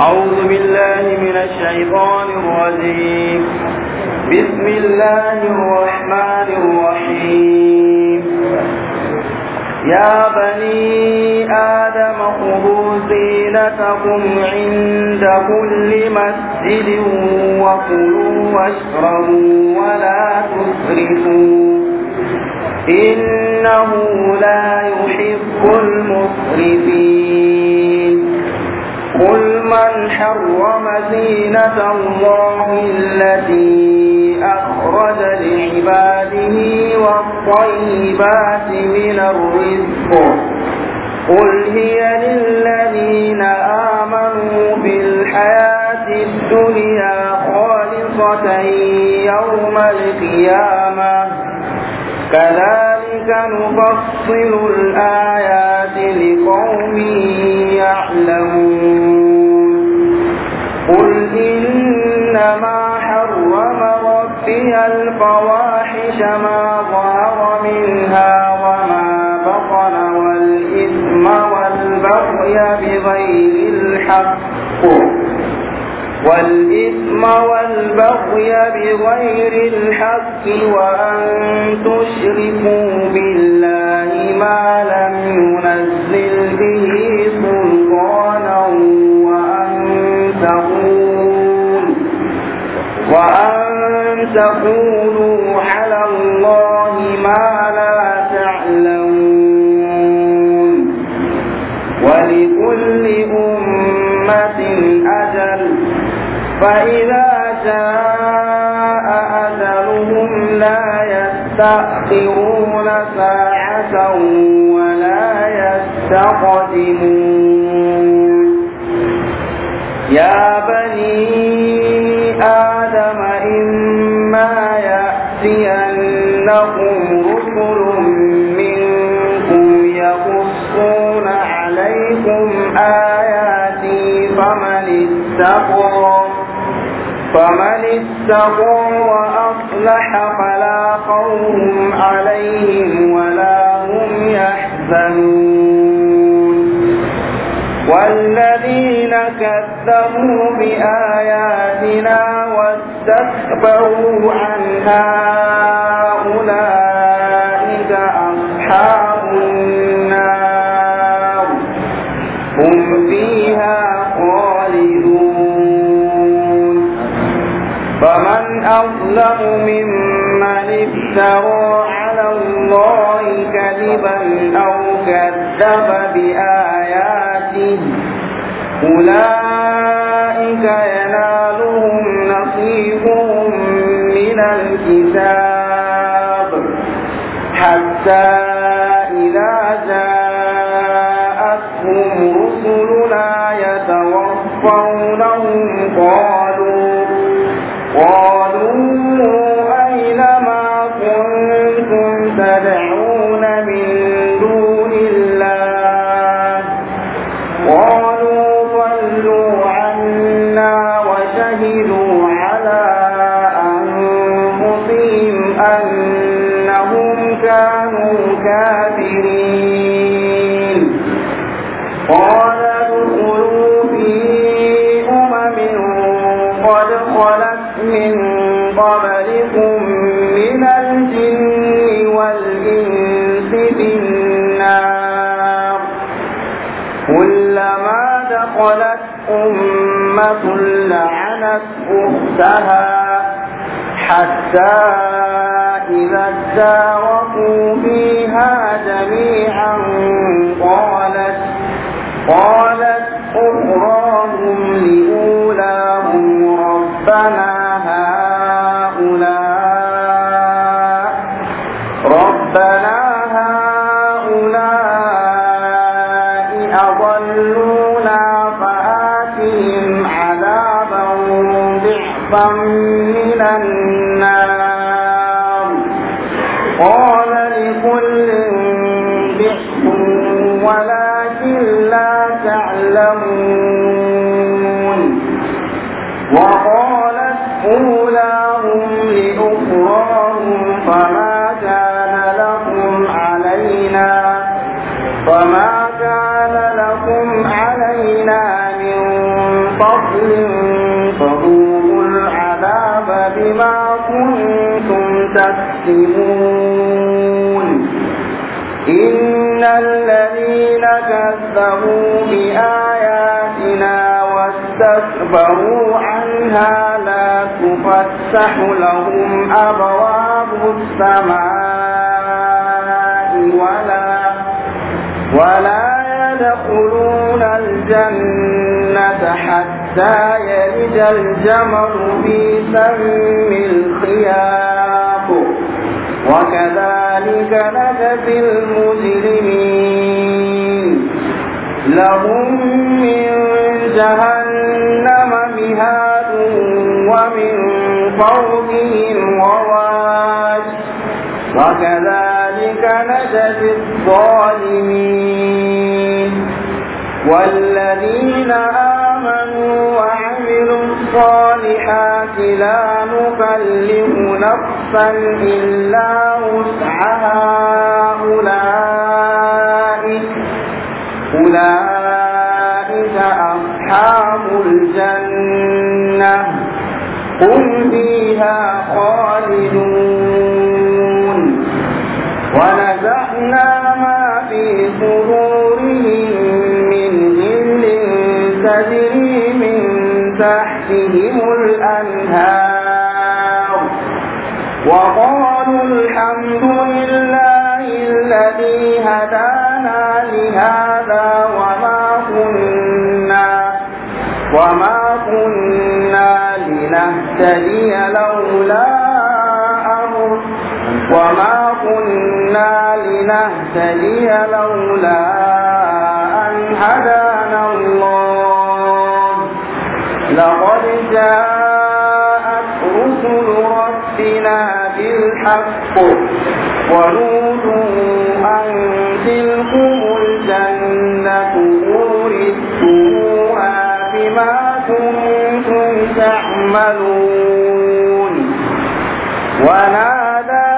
أعوذ بالله من الشيطان الرجيم بسم الله الرحمن الرحيم يا بني آدم خذوا زينتكم عند كل مسجد وكلوا واشربوا ولا تسرفوا إنه لا يحب المسرفين قل من حرم زينة الله التي أخرج لعباده والطيبات من الرزق قل هي للذين آمنوا بالحياة الدنيا خالصة يوم القيامة كذلك نفصل الآيات لقوم يعلمون إنما حرم ربي الفواحش ما ظهر منها وما بطن والإثم والبغي بغير الحق والإثم والبغي بغير الحق وأن تشركوا بالله ما لم ينزل وأن تقولوا على الله ما لا تعلمون ولكل أمة أجل فإذا جاء أجلهم لا يستأخرون ساعة ولا يستقدمون يا بني آدم إما رسل منكم يقصون عليكم آياتي فمن اتقى فمن اتقى وأصلح فلا خوف عليهم ولا هم يحزنون والذين كذبوا بآياتنا واستكبروا عنها أولئك أصحاب النار هم فيها خالدون فمن أظلم ممن افترى على الله كذبا أو كذب بآياته أولئك ينالهم نصيبهم من الكتاب حتى انتهى حتى إذا اداركوا فيها جميعا قالت قالت أخرى كذبوا بآياتنا واستكبروا عنها لا تفتح لهم أبواب السماء ولا ولا يدخلون الجنة حتى يلج الجمر في سم الخياط وكذلك نجزي المجرمين لهم من جهنم مهاد ومن فوقهم وواج وكذلك نجزي الظالمين والذين آمنوا وعملوا الصالحات لا نكلف نفسا إلا وسعها أولئك أولئك أصحاب الجنة هم فيها خالدون ونزعنا ما في صدورهم من جل تجري من تحتهم الأنهار وقالوا الحمد لله الذي هدانا لنا لهذا وما كنا وما كنا لنهتدي لولا أمر وما كنا لنهتدي لولا أن هدانا الله لقد جاءت رسل ربنا بالحق ونور يعملون ونادى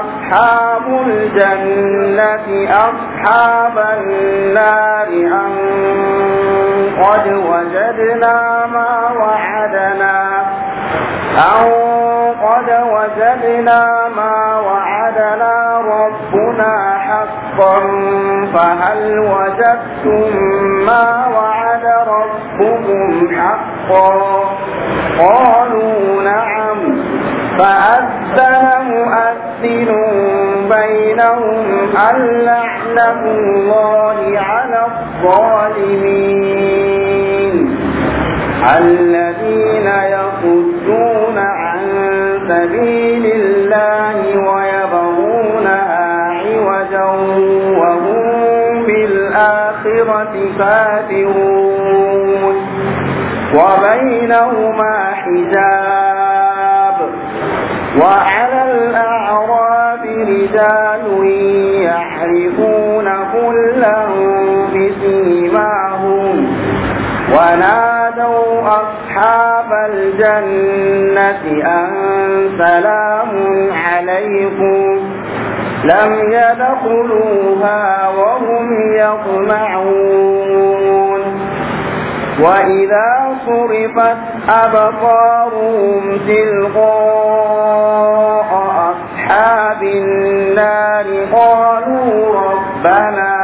أصحاب الجنة أصحاب النار أن قد وجدنا ما وعدنا أن قد وجدنا ما وعدنا ربنا حقا فهل وجدتم ما وعد ربهم حقا قالوا نعم فأذن مؤذن بينهم اللعنة الله على الظالمين الذين يصدون فاترون وبينهما حجاب وعلى الأعراب رجال يحرفون كلا بسيماهم ونادوا أصحاب الجنة أن سلام عليكم لم يدخلوها وهم يطمعون وإذا صرفت أبصارهم تلقاء أصحاب النار قالوا ربنا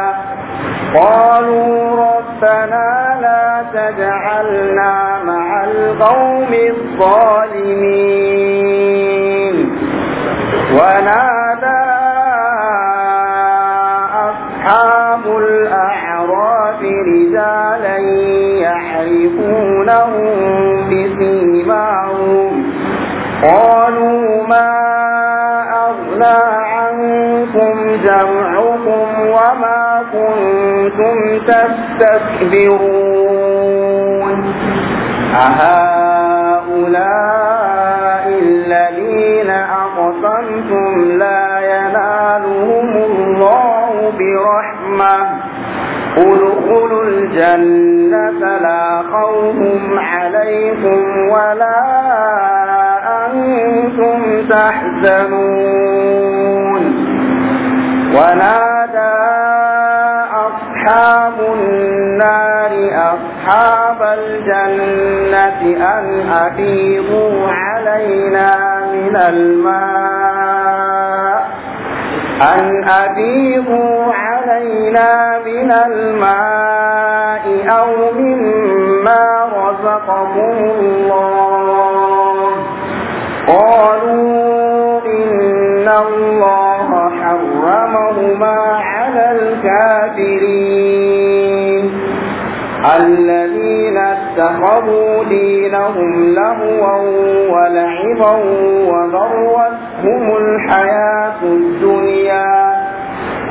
قالوا ربنا لا تجعلنا مع القوم الظالمين ونادى أصحاب يعرفونهم بسيماهم قالوا ما أغنى عنكم جمعكم وما كنتم تستكبرون أهؤلاء الذين أقسمتم لا ينالهم الله برحمه ادخلوا الجنة لا خوف عليكم ولا أنتم تحزنون ونادى أصحاب النار أصحاب الجنة أن أفيضوا علينا من الماء أن أبيضوا علينا من الماء أو مما رزقكم الله قالوا إن الله حرمهما على الكافرين الذين اتخذوا دينهم لهوا ولعبا وغرتهم الحياة الدنيا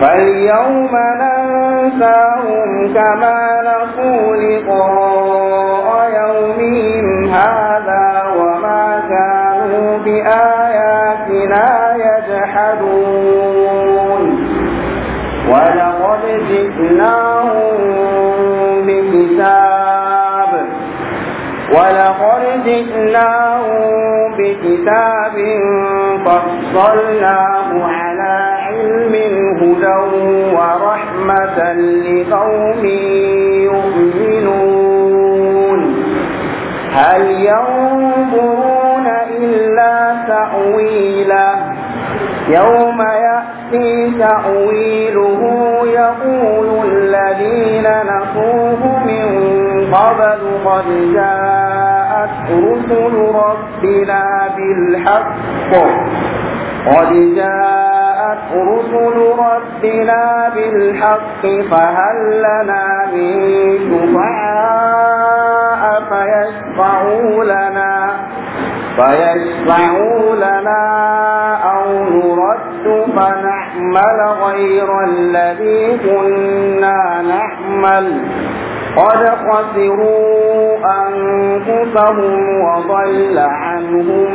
فاليوم ننساهم كما نسوا لقاء يومهم هذا وما كانوا بآياتنا يجحدون ولقد جئناهم ولقد جئناهم بكتاب فصلناه على علم هدى ورحمة لقوم يؤمنون هل ينظرون إلا تأويلا يوم يأتي تأويله يقول الذين نصروا قبل قد جاءت رسل ربنا بالحق قد جاءت رسل ربنا بالحق فهل لنا من شفعاء فيشفعوا لنا فيشفعوا لنا أو نرد فنعمل غير الذي كنا نعمل قد خسروا أنفسهم وضل عنهم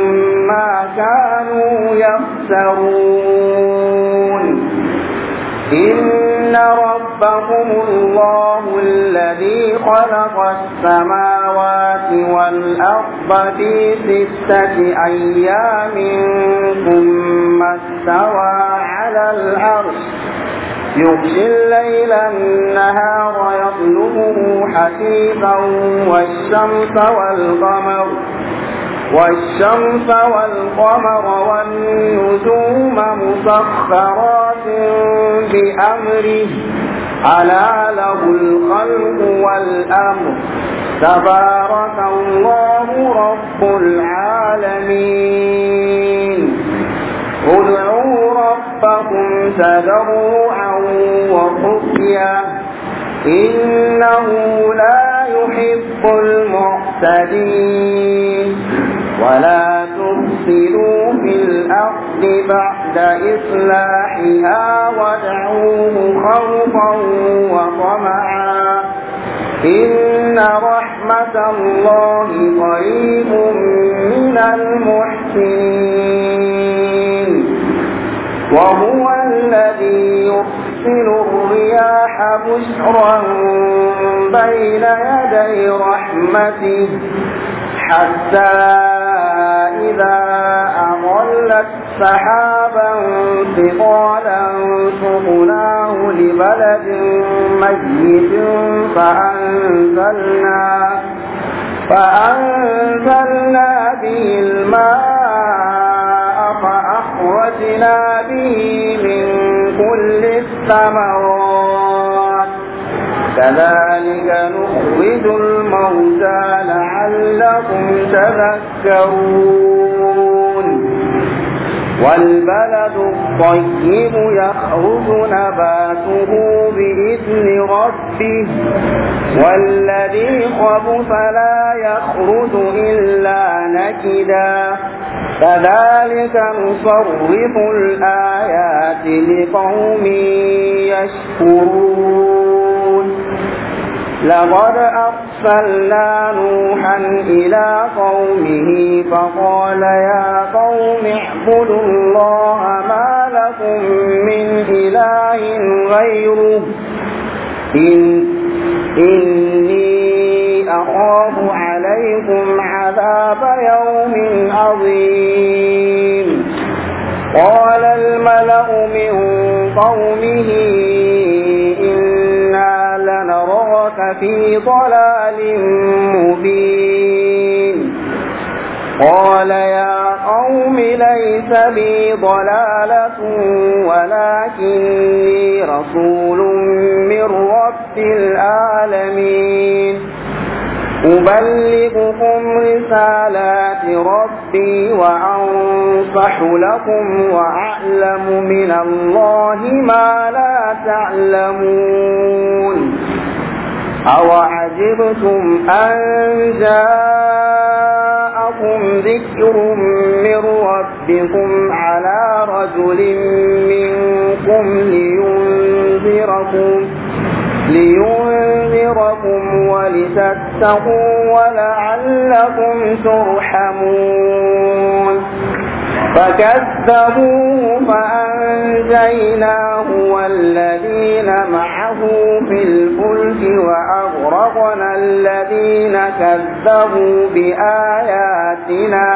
ما كانوا يخسرون إن ربهم الله الذي خلق السماوات والأرض في ستة أيام ثم استوى على الأرض يغشي الليل النهار يطلبه حثيثا والشمس والقمر والشمس والقمر والنجوم مسخرات بأمره ألا له الخلق والأمر تبارك الله رب العالمين ربكم تضرعا وخفيا إنه لا يحب المعتدين ولا تفسدوا في الأرض بعد إصلاحها وادعوه خوفا وطمعا إن رحمة الله قريب من المحسنين وهو الذي يرسل الرياح بشرا بين يدي رحمته حتى إذا أغلت سحابا ثقالا سقناه لبلد ميت فأنزلنا, فأنزلنا به الماء وزوجنا به من كل الثمرات كذلك نخرج الموتى لعلكم تذكرون والبلد الطيب يخرج نباته بإذن ربه والذي خبث لا يخرج إلا نكدا كذلك نصرف الآيات لقوم يشكرون لقد أرسلنا نوحا إلى قومه فقال يا قوم اعبدوا الله ما لكم من إله غيره إن إني أخاف عليكم عذاب يوم عظيم قال الملأ من قومه إنا لنراك في ضلال مبين قال يا قوم ليس بي ضلالة ولكني رسول من رب العالمين أبلغكم رسالات ربي وأنصح لكم وأعلم من الله ما لا تعلمون أوعجبتم أن جاءكم ذكر من ربكم على رجل منكم لينذركم لينذركم ولتتقوا ولعلكم ترحمون فكذبوه فأنجيناه والذين معه في الفلك وأغرقنا الذين كذبوا بآياتنا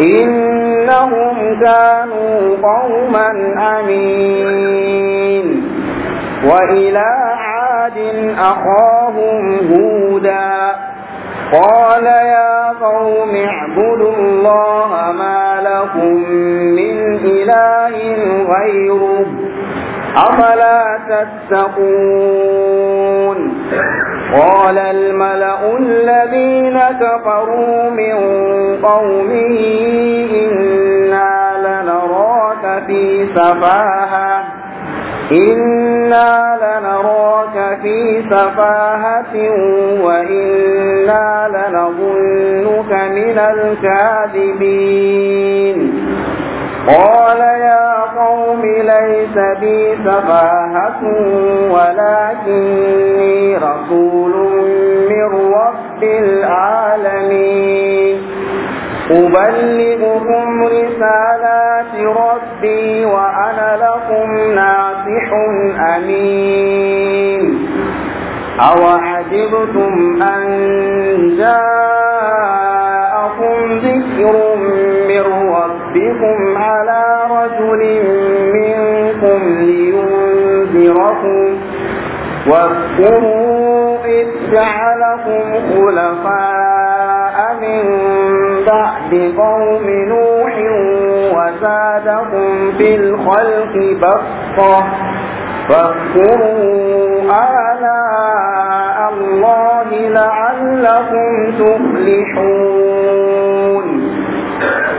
إنهم كانوا قوما أمين وإلى عاد أخاهم هودا قال يا قوم اعبدوا الله ما لكم من إله غيره أفلا تتقون قال الملأ الذين كفروا من قومه إنا لنراك في سفاهه إنا لنراك في سفاهة وإنا لنظنك من الكاذبين قال يا قوم ليس بي سفاهة ولكني رسول من رب العالمين أبلغكم رسالات ربي وأنا لكم ناصح أمين أوعجبتم أن جاءكم ذكر من ربكم على رجل منكم لينذركم واذكروا إذ جعلكم خلفاء بعد قوم نوح وزادهم في الخلق بسطة فاذكروا آلاء الله لعلكم تفلحون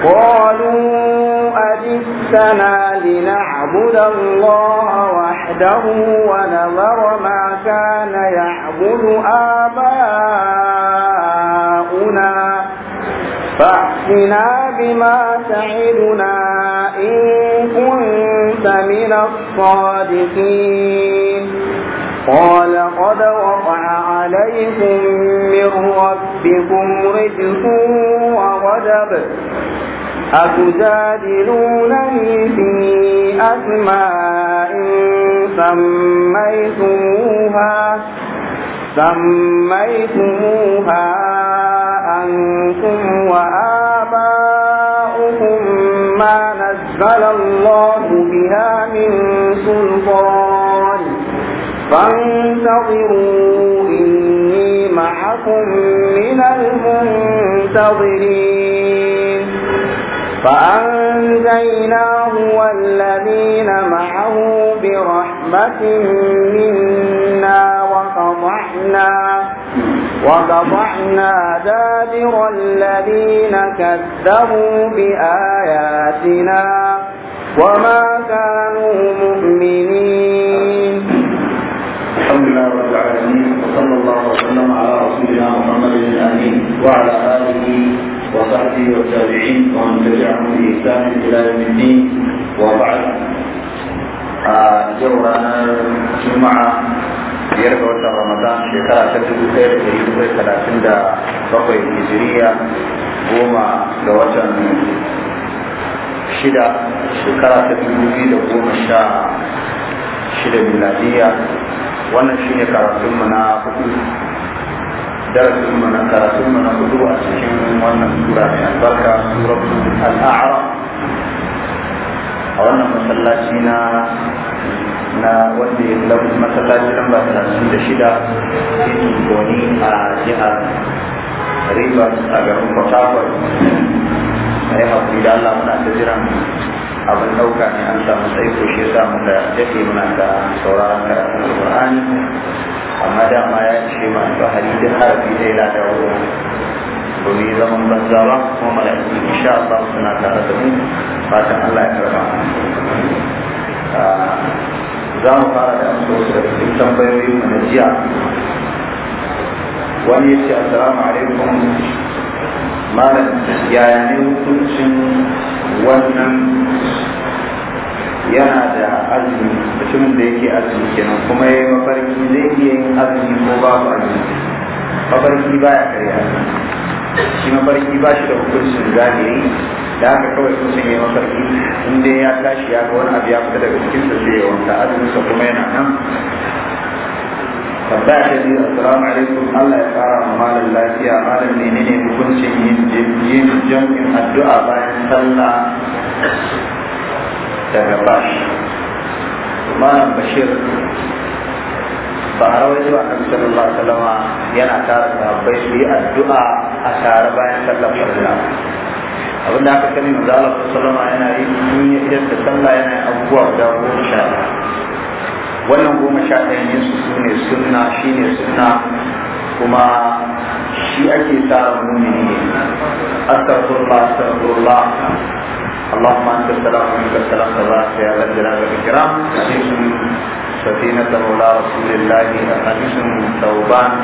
قالوا أجبتنا لنعبد الله وحده ونذر ما كان يعبد آباؤنا فأحسنا بما تعدنا إن كنت من الصادقين قال قد وقع عليكم من ربكم رجس وغضب أتجادلونني في أسماء سميتموها سميتموها أنتم وآباؤكم ما نزل الله بها من سلطان فانتظروا إني معكم من المنتظرين فأنجيناه والذين معه برحمة منا وقطعنا وقطعنا دابر الذين كذبوا بآياتنا وما كانوا مؤمنين الحمد لله رب العالمين وصلى الله وسلم على رسولنا محمد الامين وعلى اله وصحبه والتابعين ومن تبعهم باحسان الى يوم الدين وبعد آه جورنا الجمعه biyar ga watan ramadan shekara ta dubu ɗaya da ɗari bakwai talatin da bakwai hijiriya goma ga watan shida shekara ta dubu biyu da goma sha shida miladiya wannan shine karatunmu na hudu darasinmu na karatunmu na hudu a cikin wannan sura mai albarka suratu al'a'raf a wannan masallaci na na wanda ya masallaci nan ba talatin da shida titin goni a jihar rivers a garin port harcourt yi haƙuri da allah muna ta jiran abin ɗauka ne an samu sai ko shi yasa muka dafe muna da sauraron karatun alƙur'ani amma dama ya ce ma alfahari duk harafi zai lada wurin ba zaman banza kuma mala'iku insha Allah suna tare da mu fatan Allah ya karba za mu fara da amsoshi da cikin jiya wani ya ce assalamu alaikum malam Ya ne hukuncin wannan yana da azumi mutumin da yake azumi kenan kuma mafarki zai iya yin azumi ko babu azumi mafarki baya karya shi mafarki ba shi da hukuncin zahiri da aka kawai sun ya mafarki in dai ya tashi ya ga wani abu ya fita daga cikin sa zai ya wanka azuminsa kuma yana nan tambaya ta biyu assalamu alaikum Allah ya fara ma malam lafiya malam menene hukuncin yin yin jam'in addu'a bayan sallah daga bashi. malam bashir ba a rawaito a kan sallallahu alaihi yana tara sahabbai su yi addu'a اشعار بیان کر لگا ہوا اب اللہ کے کریم رضا اللہ علیہ وسلم آئے نا یہ صرف پسند آئے نا اب وہ اب جاؤ وہ اشعار وہ لوگوں میں چاہتے ہیں یہ سکون سننا شین سننا کما شیعہ کی سارا انہوں نے نہیں اکثر تو اللہ اکثر تو اللہ اللہ مان کر سلام ان کا سلام سزا سے اگر جرا کر کرام سکینت مولا رسول اللہ علیہ وسلم توبان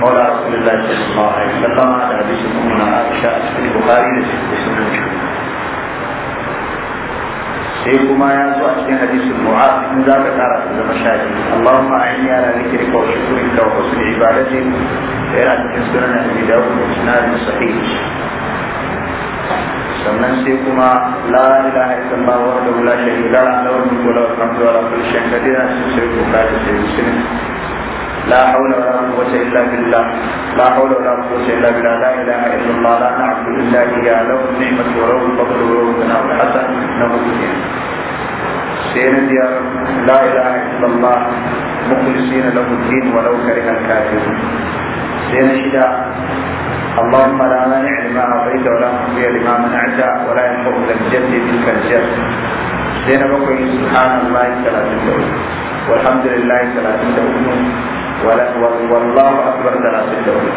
مولى رسول الله صلى الله عليه وسلم على حديث أمنا عائشة في البخاري sai kuma ya zo a cikin hadisin mu'az in za ka kara su zama shaji Allahumma a'inni ala dhikrika wa shukrika wa husni ibadatik yana cikin sunan Abi Dawud da sunan Sahih sannan sai kuma la ilaha illallah wa la sharika lahu lahu mulku wa lahu alhamdu wa lahu kulli shay'in qadir sai bukhari sai muslim لا حول ولا قوة إلا بالله لا حول ولا قوة إلا بالله لا إله إلا الله لا نعبد إلا إياه له النعمة وله الفضل وله الثناء الحسن إنه ديار لا إله إلا الله مخلصين له الدين ولو كره الكافرون شداء اللهم لا مانع لما أعطيت ولا مخفي لما منعت ولا ينفع ذا الجد تلك الجد سيرتي سبحان الله ثلاثة والحمد لله ثلاثة wallahu akbar talatin da hudu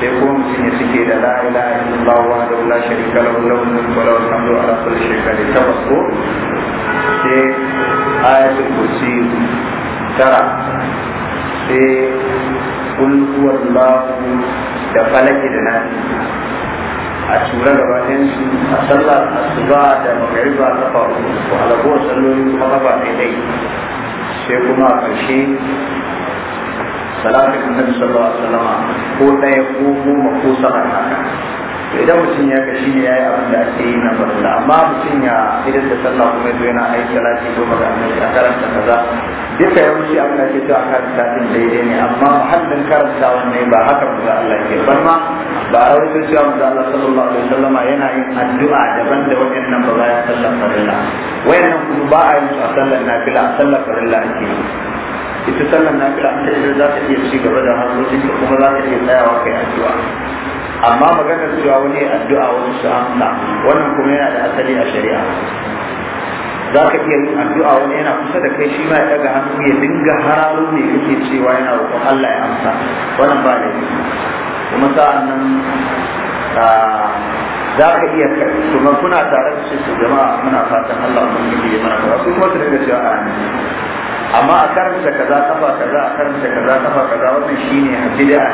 sai kuma mutum ya suke da la ilaha illallah wa da la sharika lahu lahu mulku wa lahu alhamdu ala kulli shay'in takwas ko sai ayatul kursi tara sai kul a da falaki da nasi a tura su a sallar asuba da magariba kafa ko alago salloli kuma kafa ɗaya sai kuma a ƙarshe salafin annabi sallallahu alaihi wasallam ko ɗaya ko goma ko sama haka to idan mutum ya kashi ne yayi abin da ake yi na barna amma mutum ya idan da sallah kuma yana aiki salati goma ga annabi a karanta kaza duka yawanci kashe to a karanta din daidai ne amma muhallin karanta ne ba haka ga Allah ke bar ma ba a rawaito cewa manzo Allah sallallahu alaihi wasallam yana yin addu'a daban da nan ba za ya sallar farilla nan kuma ba a yin su a sallar nafila a sallar farilla ake yi ita sallar nafila an ta za ta iya ci gaba da hanzocin ta kuma za ta iya tsayawa kai addu'a amma maganar cewa wani addu'a wani su amsa wannan kuma yana da asali a shari'a za ka iya yin addu'a wani yana kusa da kai shi ma ya daga hannu ya dinga hararo ne kake cewa yana roƙon Allah ya amsa wannan ba da kuma sa'an nan za ka iya kuma kuna tare da su jama'a muna fatan Allah mun yi mana kaza su kuma su dinga cewa amin amma a karanta kaza kafa kaza a karanta kaza kafa kaza wannan shine bid'a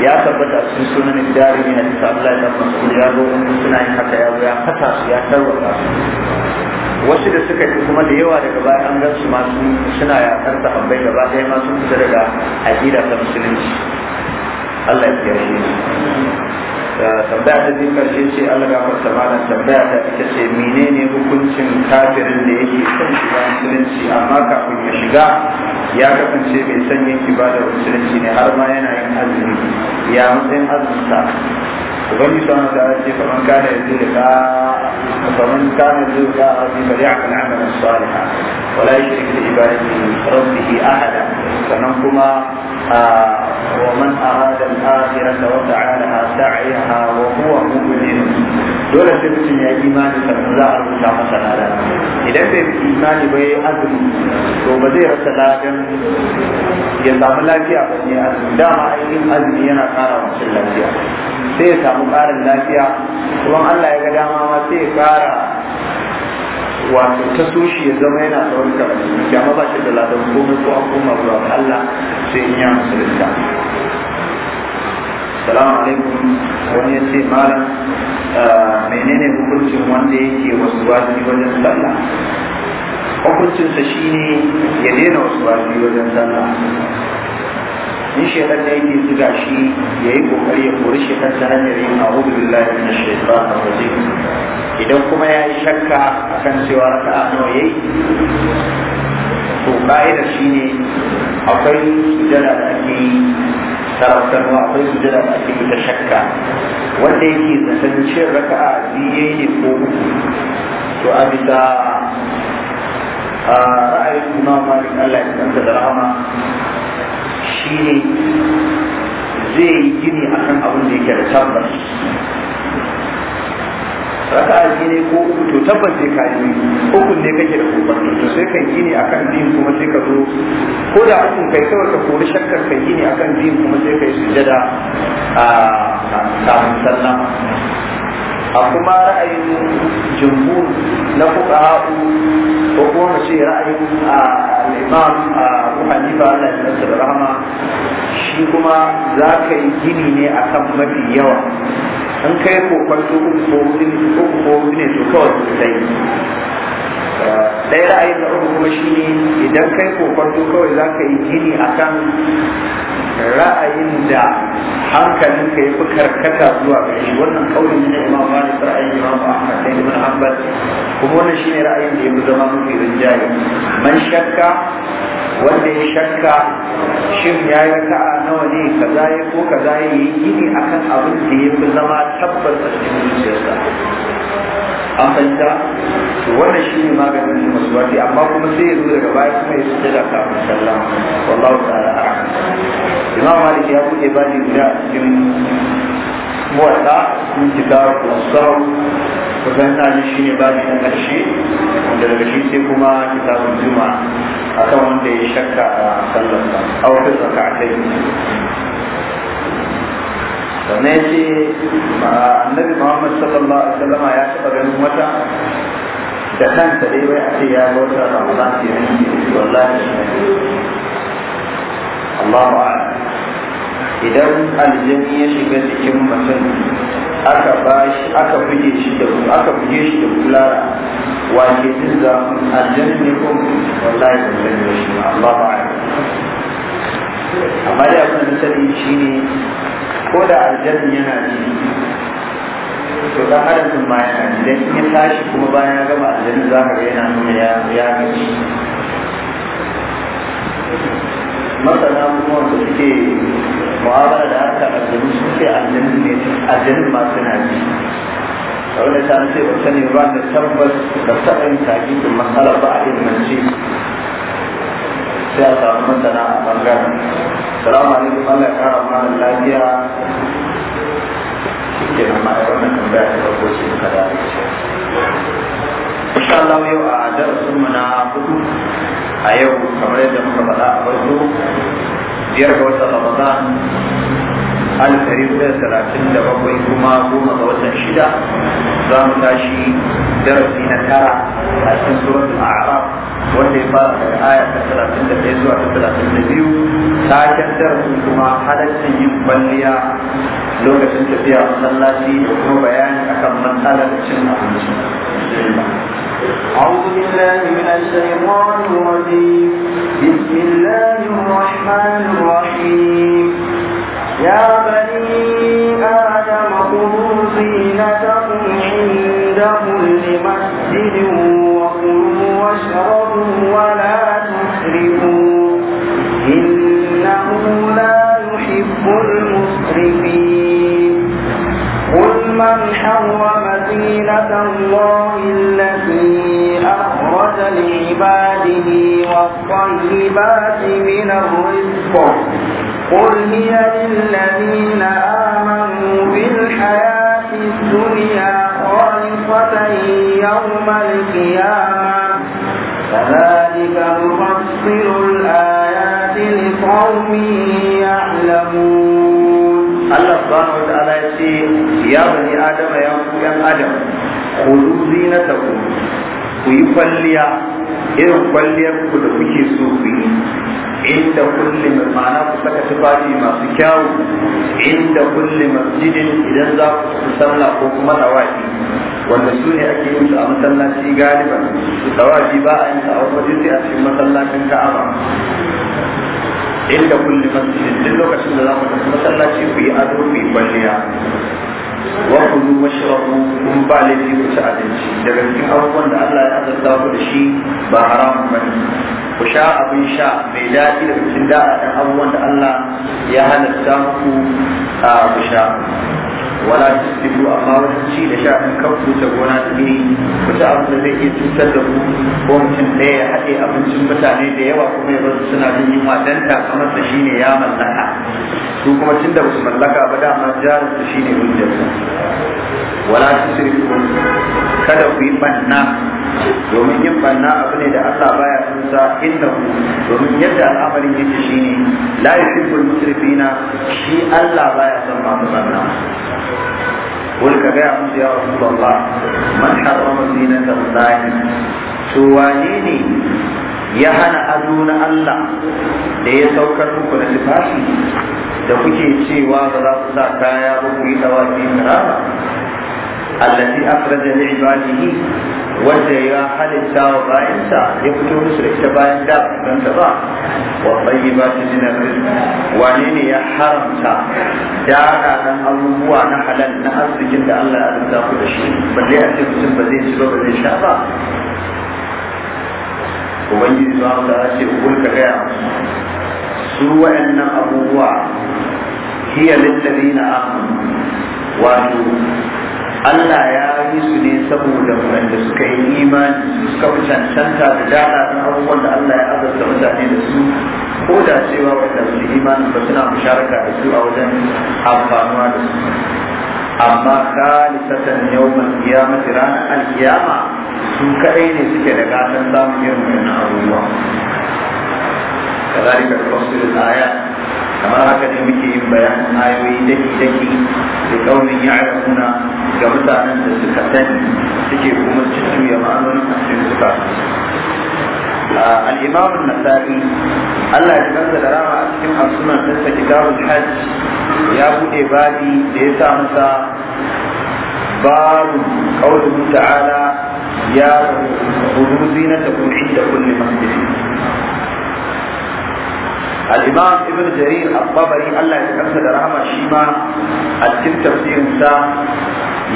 ya tabbata sun ne jari ne hadisi Allah ya tabbata ya zo suna yin haka ya zo ya kasa su ya tarwata su wasu da suka yi kuma da yawa daga baya an gan su masu suna yakan sahabbai gaba ɗaya ma sun fita daga aƙida ta musulunci Allah ya kiyaye su tambaya ta biyu karshe ce Allah ga farta malam tambaya ta ita ce menene hukuncin kafirin da yake son shiga musulunci amma kafin ya shiga ya kasance bai san yanki ba da musulunci ne har ma yana yin azumi ya matsayin azumta? وبني فمن كان يرجو لقاء فمن كان يرجو لقاء ربه فليعمل عملا صالحا ولا يشرك بعبادة ربه أحدا فمنكما آه ومن أراد الآخرة وسعى لها سعيها وهو مؤمن dole sai mutum ya yi imani sannan za a rubuta masa lada idan bai yi imani bai azumi to ba zai rasa ladan ya samu lafiya ba ne azumi dama ainihin azumi yana kara mutum lafiya sai ya samu karin lafiya kuma Allah ya ga dama ma sai ya kara wato ta ya zama yana tsawon karatu ya ma ba shi da ladan komai ko an koma zuwa Allah sai in ya musulunta salamu alaikum wani ya ce malam eh, menene hukuncin wanda yake wasu wasi wajen sallah hukuncinsa ne ya daina wasu wasi wajen sallah in shekar da yake zuga shi ya yi kokari ya kori shekar ta hanyar yin abu lullahi na shekar a waje idan kuma ya yi shakka a kan cewa ta a nawa ya yi to ka'idar shi ne akwai sujada da ake yi karantarwa akwai sujada a ake fita shakka wanda yake zaton cin raka'a biye ne ko to a bisa ra'ayin kuma malik Allah ya kanta da rahama ne zai yi gini akan abin da yake da tabbas raka'a shi ne ko uku to tabbas sai ka yi uku ne kake da kokar to sai kan yi ne akan din kuma sai ka zo ko da uku kai kawai ka kori shakkar ka yi ne akan din kuma sai ka yi sujada a kafin sallah a kuma ra'ayin jumhur na fuqaha'u ko kuma ce ra'ayin al-imam Abu Hanifa Allah ya rahama shi kuma za ka yi gini ne akan mafi yawa an kai kokon to uku ko hudu ne ko ko hudu ne to kawai su sai ɗaya ra'ayin da uku kuma shine idan kai kokon to kawai za ka yi gini akan ra'ayin da hankalin ka yi fi karkata zuwa ga shi wannan kaurin ne imam malik ra'ayin imam ahmad da ibn hanbal kuma wannan shine ra'ayin da ya zama mafi rinjaye man shakka wanda ya shakka shin ya yi ta'a nawa ne kaza ya ko kaza ya yi gini akan abin da ya fi zama tabbas a cikin zuciyarsa an fahimta to wannan shi ne maganin da masu wafi amma kuma sai ya zo daga baya kuma ya su daga kafin sallah wallahu ta'ala a'lam imam malik ya buɗe bani guda a cikin muwatta ci kitabu wasu kusan na ji shi ne babi na ƙarshe wanda daga shi sai kuma kitabun juma kan wanda ya shakka a sallarsa a wata zaka a kai sannan ya ce annabi muhammad sallallahu alaihi wasallam ya taɓa ganin wata da kanta dai wai a ce ya ga wata ramadan ke yanki wallahi Allahu a'lam idan aljami ya shiga cikin mutum aka shi aka buge shi da aka buge shi da kulara wake duk da aljanna ne ko wallahi ban sani shi ba Allah ba amma da abin da sani shine ko da aljanna yana ji to da hadasin ma yana idan ya tashi kuma bayan ya gama aljanna za ka ga yana nuna ya ya gani masana kuma wanda suke mu'amala da harkar aljanu su ce aljanu ne aljanu masu nabi da ta ce wata ne ba da tabbas da taɓin da masala ba a ilmance sai a samu masana a bangar salamu alaikum Allah ya kara mana lafiya ke na ma'a wannan tambaya ta farko ce ka da ce insha Allah yau a darasin mu na hudu a yau kamar yadda muka faɗa a farko biyar ga watan ramadan alif ɗari da talatin da bakwai kuma goma ga watan shida za mu tashi darasi na tara a cikin suratul a'raf wanda ya fara daga aya ta talatin da ɗaya zuwa ta talatin da biyu taken darasin kuma halaccin yin kwalliya lokacin tafiya masallaci da kuma bayani akan matsalar cin abinci أعوذ بالله من الشيطان الرجيم بسم الله الرحمن الرحمن الرحيم يا بني آدم خذوا زينتكم عند كل مسجد وكلوا واشربوا ولا تسرفوا إنه لا يحب المسرفين قل من حرم زينة الله والطيبات من الرزق قل هي للذين آمنوا بالحياة الدنيا خالصة يوم القيامة كذلك نفصل الآيات لقوم يعلمون الله سبحانه وتعالى يا بني آدم يا بني آدم خذوا زينتكم ويفليا irin kwalliyar ku da kuke so ku yi inda kulli ma'ana ku saka tufafi masu kyawu inda kulli masjidin idan za ku su sallah ko kuma tawafi wanda su ne ake yin su a masallaci galiban tawafi ba a yin su a wasu sai a cikin masallacin ka'aba inda kulli masjidin duk lokacin da za ku tafi masallaci ku yi ado ku yi kwalliya wa kullu mashrabu kun ba laifi ku ci abinci daga cikin abubuwan da Allah ya azurta ku da shi ba haramun ne, ku sha abin sha mai daɗi daga cikin da'a abubuwan da Allah ya halatta ku a ku sha wala tusbihu amma wajen ci da sha in kan kuce gona da iri ku abin da zai iya cutar da ku ko mutum ɗaya ya haɗe abincin mutane da yawa kuma ya basu suna jin yunwa dan takamarsa shine ya mallaka su kuma tun da ba su mallaka ba dama jarinsu shine hujjarsa wala tusrifu kada ku yi banna domin yin banna abu ne da Allah baya son sa inda ku domin yadda al'amarin yake shine la yuhibbul musrifina shi Allah baya son ba mu banna قل كبيع يا رسول الله من حرم to wani ne ya hana ado na Allah da ya saukar muku na tufafi da kuke cewa ba za ku sa kaya ba ku yi dawaki ba allati akhraja li ibadihi wanda ya halitta wa bayansa ya fito musu da ita bayan ba wa ba ta jina rizki ne ya haramta da dan abubuwa na halal na arzikin da Allah ya rinta da shi ba a ce mutum ba zai shiga ba zai sha ba ubangiji ba da a ce ubun ka gaya su wa'annan abubuwa hiya lillazina amanu wato Allah ya yi su ne saboda waɗanda suka yi imani suka fi cancanta da dada don abubuwan da Allah ya azurta mutane da su ko da cewa waɗanda su imani ba suna musharaka da su a wajen amfanuwa da su amma khalisatan yawmal qiyamati ranar alkiyama su kaɗai ne suke da gasar samun irin wannan abubuwa كذلك da الآيات kamar haka ne muke yin bayanin ayoyi daki daki da kaunin ya'lamuna ga mutanen da suka sani suke kuma ya ma'anonin a cikin suka a النسائي الله يجبن سلام أسكن أسنة تنسى كتاب الحج يا أبو إبادي ليس أمسى باب قوله تعالى يا خذوا زينتكم عند كل مسجد الامام ابن جرير الطبري الله يتقبل رحمه شيما التم تفسير سا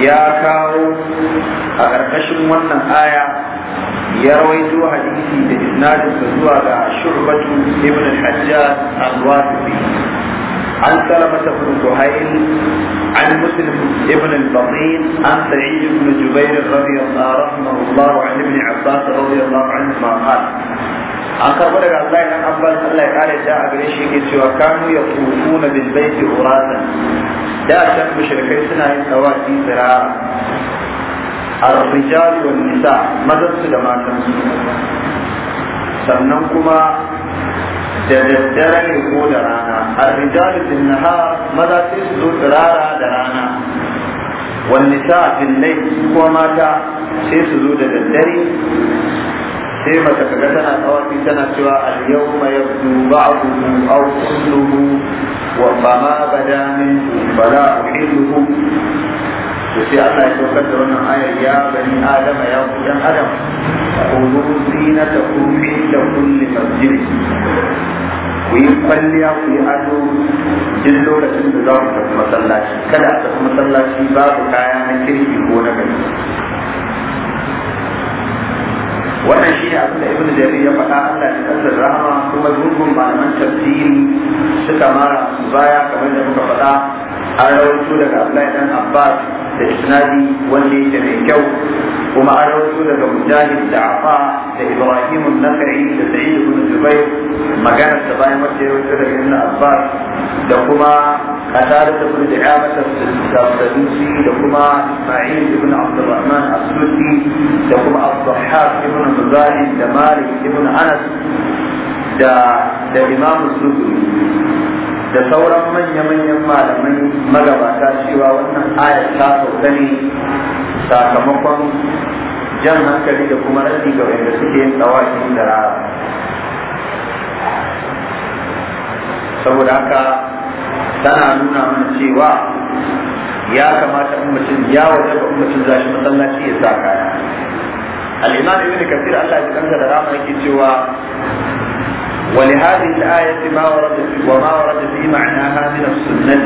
يا كاو اغرقشم ونن آية يا جو حديثي لإسناد الفزوة شعبة ابن الحجاج الواسطي عن سلمة بن سهيل عن مسلم ابن البطين عن سعيد بن جبير رضي الله رحمه الله عن ابن عباس رضي الله عنهما قال an karɓi daga Allah an Abbas Allah ya kare ja a gare shi yake cewa kanu ya tufuna bil baiti uratan da can mushrikai suna yin tawafi tsira ar-rijal wan nisa mazan su da matan su sannan kuma da daddare ne ko da rana ar-rijal bin nahar maza sai su zo tsirara da rana wan nisa bin layl ko mata sai su zo da daddare sai mace kaga tana tsawafi tana cewa al-yawma yabdu ba'duhu aw kulluhu wa fama bada min fala ba to sai Allah ya saukar da wannan ayar ya bani adama ya ku dan adam khudhu zinatakum ta kulli masjid ku yi kwalliya ku yi ado jin lokacin da za ku tafi masallaci kada a tafi masallaci babu kaya na kirki ko na gari wannan shi ne abin da ibn jarir ya faɗa Allah ya kasar rahama kuma gungun malaman tafsiri suka mara baya kamar da muka faɗa an rawaito daga Abdullahi dan Abbas da isnadi wanda yake mai kyau kuma an rawaito daga Mujahid da Afa da Ibrahim an-Nakhai da Sa'id ibn Zubair magana ta bayan wacce ya rawaito daga Ibn Abbas da kuma Qatada ibn Di'ama da Sadusi da kuma Isma'il ibn Abdurrahman as da kuma الضحاك ابن مزاهد ده مالك ابن أنس da da imamu sufuri da sauran manya-manyan malamai magabata cewa wannan ayar ta sauka sakamakon jan hankali da kuma rasi ga wanda suke yin tsawakin da rara saboda haka tana nuna mana cewa ya kamata in mutum ya wajaba mutum za shi masallaci ya sa kaya al-imam ibn kathir Allah ya kanta da rama yake cewa ولهذه الآية ما ورد وما ورد في معناها من السنة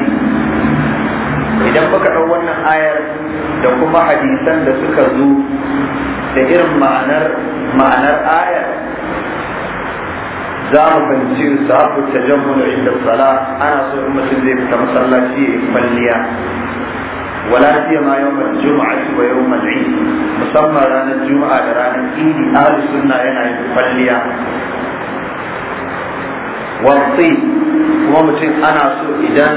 idan baka ɗau wannan ayar da kuma hadisan da suka zo da irin ma'anar ma'anar ayar za mu fahimci sabu tajammun inda sala ana so in mutum zai masallaci ya kwalliya ولا سيما يوم الجمعة ويوم العيد مسمى رانا الجمعة رانا العيد أهل السنة هنا يصلي والطين kuma mutum ana so idan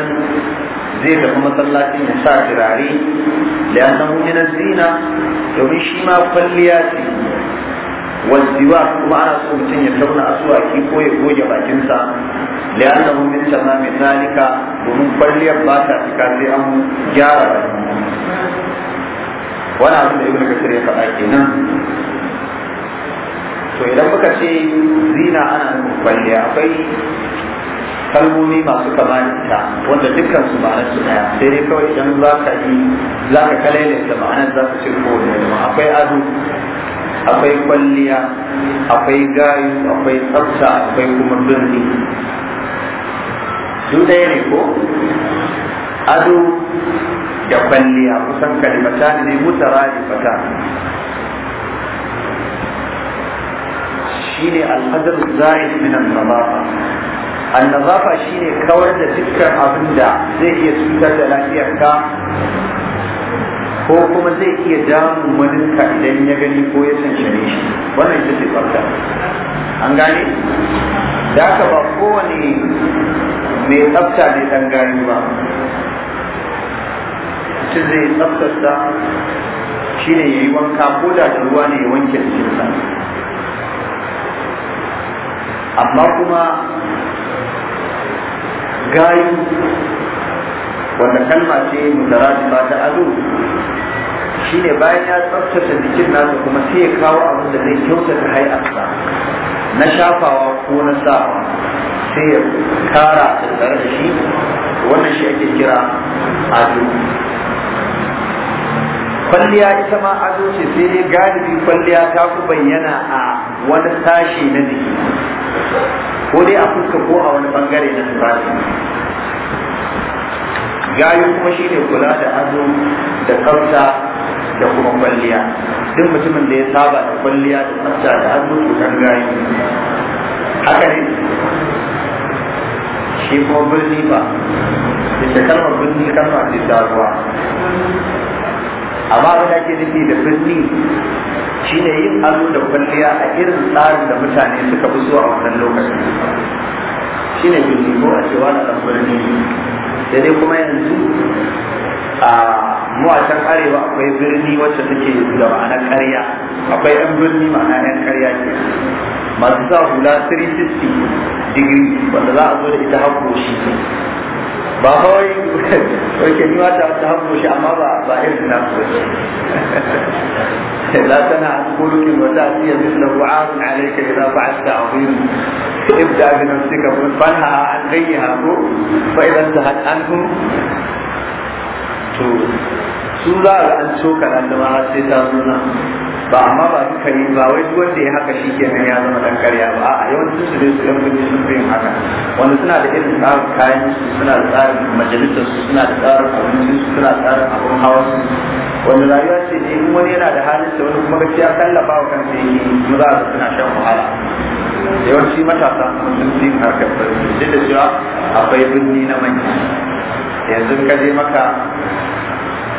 zai tafi masallacin ya sa turare da ya san na zina domin shi ma kwalliya ce wasiwa kuma ana so mutum ya tauna asuwaki ya goge bakinsa لأنه من تمام ذلك ومن فلي يبقى تكالي أم جارة وانا أقول ابن كثير يفعلنا to idan muka ce أنا المقبل nufin kalmomi masu kama wanda dukkan su ba su daya sai dai kawai idan za ka yi za ka kalailin da ma'anar za ka ce ko akwai ado akwai kwalliya akwai gayu akwai tsafta akwai kuma birni su ɗaya ne ko ado da kwalliya kusan kalimata ne fata shi ne alhazar min minan nazafa an shi ne kawar da dukkan abin da zai iya cutar da lafiyarka ko kuma zai iya damun waninka idan ya gani ko ya sanshane shi wannan ita ce an gane da aka ba kowane mai tsafta ne dan gani ba shi zai tsaftarsa shine ya yi wanka ko da da ruwa ne ya wanke jikinsa amma kuma gayu wanda kalma ce ba ta azu shine bayan ya tsaftace jikin nasa kuma sai ya kawo abin da zai kyautata hayarsa na shafawa ko na sawa sai ya kara da shi wannan shi ake kira azu kwalliya ita ma ado ce sai dai galibi kwalliya ta ku bayyana a wani sashi na jiki ko dai a fuska ko a wani bangare na tufafi gayu kuma shi ne kula da ado da tsafta da kuma kwalliya duk mutumin da ya saba da kwalliya da tsafta da ado to kan gayu haka ne shi kuma birni ba da kalmar birni kalmar da ta zuwa, amma ba da ke nufi da birni shi ne yin ado da kwalliya a irin tsarin da mutane suka fi zuwa wannan lokacin shi ne birni ko a cewa na birni da dai kuma yanzu a mu a can arewa akwai birni wacce take da ma'anar karya akwai yan birni ma'ana yan karya ke masu sa hula 360 digiri wanda za a zo da ita hakko shi ba kawai wake ni wata ta hango shi amma ba ba irin na su ba la tana asbulukin wa la tiya mithla wa'arun alayka idha ba'atta azim ibda bi nafsika wa banha an ghayha ko fa idha zahat anhu su za an soka nan da ma sai ta suna. ba amma ba duka yi ba wai duk wanda ya haka shi nan ya zama dan karya ba a yawancin su dai su yan gudu sun fi yin haka wanda suna da irin tsarin kayan su suna da tsarin majalisar su suna da tsarin abinci su suna da tsarin abin hawa su wanda rayuwa ce ne in wani yana da halin da wani kuma gaskiya tallafa wa kansa yi mu za su suna shan wahala yawanci matasa sun fi yin harkar birni duk da cewa akwai birni na manya yanzu ka je maka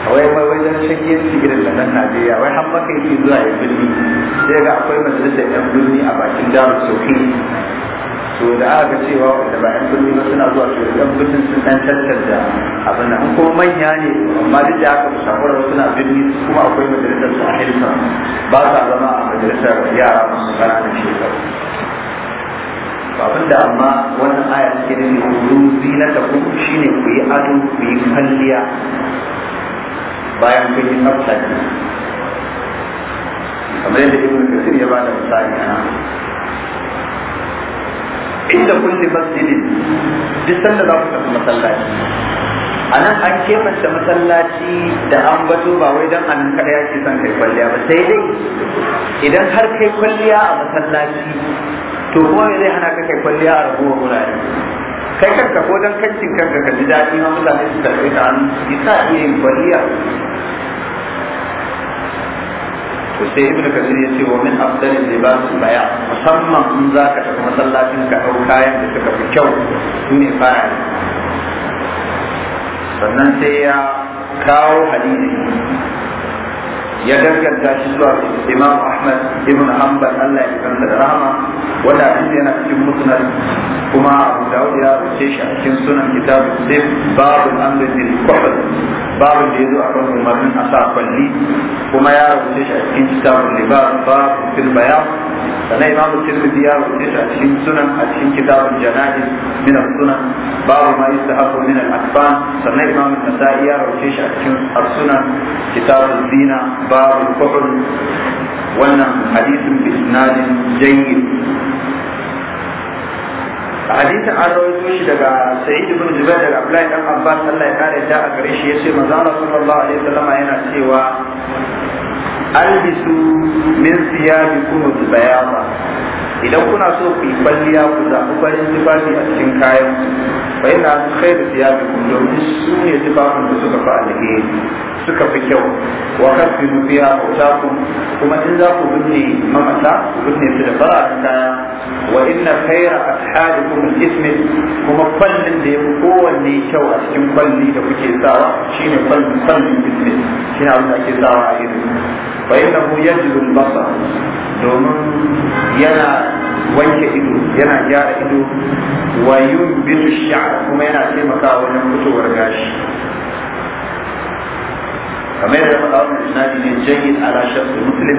wai wai wajen shagiyar sigirin da nan Najeriya wai har maka yake zuwa ya birni sai ga akwai majalisar yan birni a bakin daru sofi to da aka cewa da ba yan birni ba suna zuwa su yan birnin sun ɗan tattauna abin nan kuma manya ne amma duk da aka musafura suna birni kuma akwai majalisar su a hilton ba sa zama a majalisar yara masu ƙananan shekaru abin da amma wannan aya da ne ku zinata ku shine ku yi ado ku yi kalliya bayan kun yi tsafta ne kamar yadda ibn kasir ya bada misali a inda kulli masjidi duk sanda za ku tafi masallaci a nan an kemanta masallaci da an bato ba wai don an kada ya ce son kai kwalliya ba sai dai idan har kai kwalliya a masallaci to kuma me zai hana ka kai kwalliya a rabuwar wurare kai kanka ko dan kancin kanka ka ji daɗi ma mutane su karɓe ta hannu ya sa iya yin bariya to sai ibn kasir ya ce wa min afdalin libasul baya musamman in za ka tafi masallacin ka ɗau kayan da suka fi kyau su ne fara sannan sai ya kawo hadisi ya danganta shi zuwa imam ahmad ibn hanbal allah ya kanta da rahama wanda hadisi yana cikin musnad kuma abu dawud ya rubuce shi a cikin sunan kitabu zib babu amr bil kufr babu da yazo akan umarnin asa kwalli kuma ya rubuce shi a cikin kitabun libas babu fil bayan sannan imamu tirmidhi ya rubuce a cikin sunan a cikin kitabun jana'iz min sunan babu ma yustahabu min al-asfan sannan imamu nasa'i ya rubuce shi a cikin sunan kitabun zina babu kuhul wannan hadisin bi isnadin jayyid hadisin an rawaito shi daga sa'id ibn jubair daga abdullahi dan abbas Allah ya kare da a gare shi yace manzo Allah sallallahu alaihi wasallam yana cewa albisu min siyabikum bayaba idan kuna so ku yi kwalliya ku zaɓi farin tufafi a cikin kayan ku fa yana khairu siyabikum domin su ne tufafin da suka fi alheri suka fi kyau wa kafiru biya autakum kuma in za ku binne mamata ku binne su da fara kaya wa inna khayra ashadikum al-ismi kuma fallin da fi kowanne kyau a cikin falli da kuke sawa shine fallin fallin shi shine abin da ake sawa a ido fa ku yajidu al-basar domin yana wanke ido yana gyara ido wa yumbitu shi'a kuma yana taimakawa wajen fitowar gashi kamar yadda faɗa wannan isnadi ne jayyid ala shafi muslim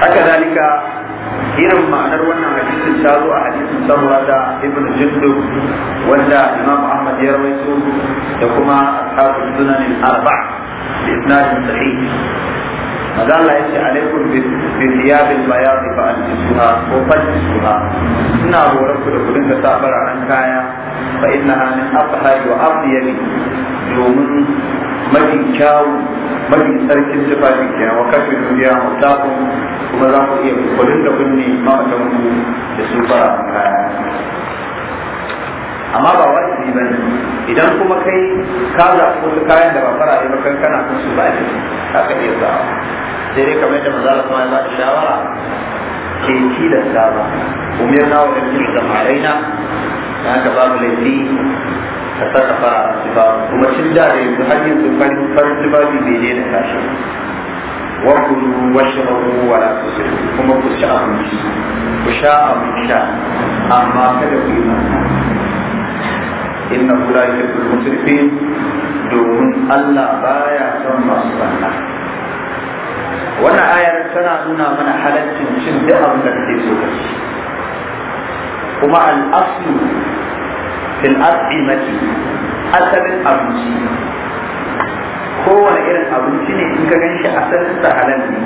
haka zalika irin ma'anar wannan hadisin ta zo a hadisin sarwa da ibn jundub wanda imam ahmad ya rawaito da kuma ashabu sunanin arba' bi isnadin sahih maza Allah ya ce alaikum bi thiyabil bayad fa anjisuha ko fajisuha ina horar ku da ku dinga sa fararen kaya fa innaha min afhari wa afyali domin mafi kyawu mafi tsarkin tufafi ke wa kafin duniya mutakun kuma za ku iya kudin da kunne mamatanku da su fara kaya amma ba wajibi ba ne idan kuma kai ka zaɓi wasu kayan da ba farare ba kan kana kun su ba ne za iya zaɓa sai dai kamar yadda maza kuma ya ba da shawara ke tilasta ba umirna wa ɗan jin zama raina da haka babu laifi ka sarrafa ba kuma shi da da yanzu har yanzu farin tufafi bai ne da tashi wa kulu wa shrabu wa la tusiru kuma ku sha abinci ku sha abinci sha amma kada ku yi mata na kula ya fi musulfin domin Allah baya son masu banna wannan ayar tana nuna mana halaccin cin duk abin da kake so kuma al'aslu fil as'imati asalin abinci kowane irin abinci ne in ka gan shi asalin sa halal ne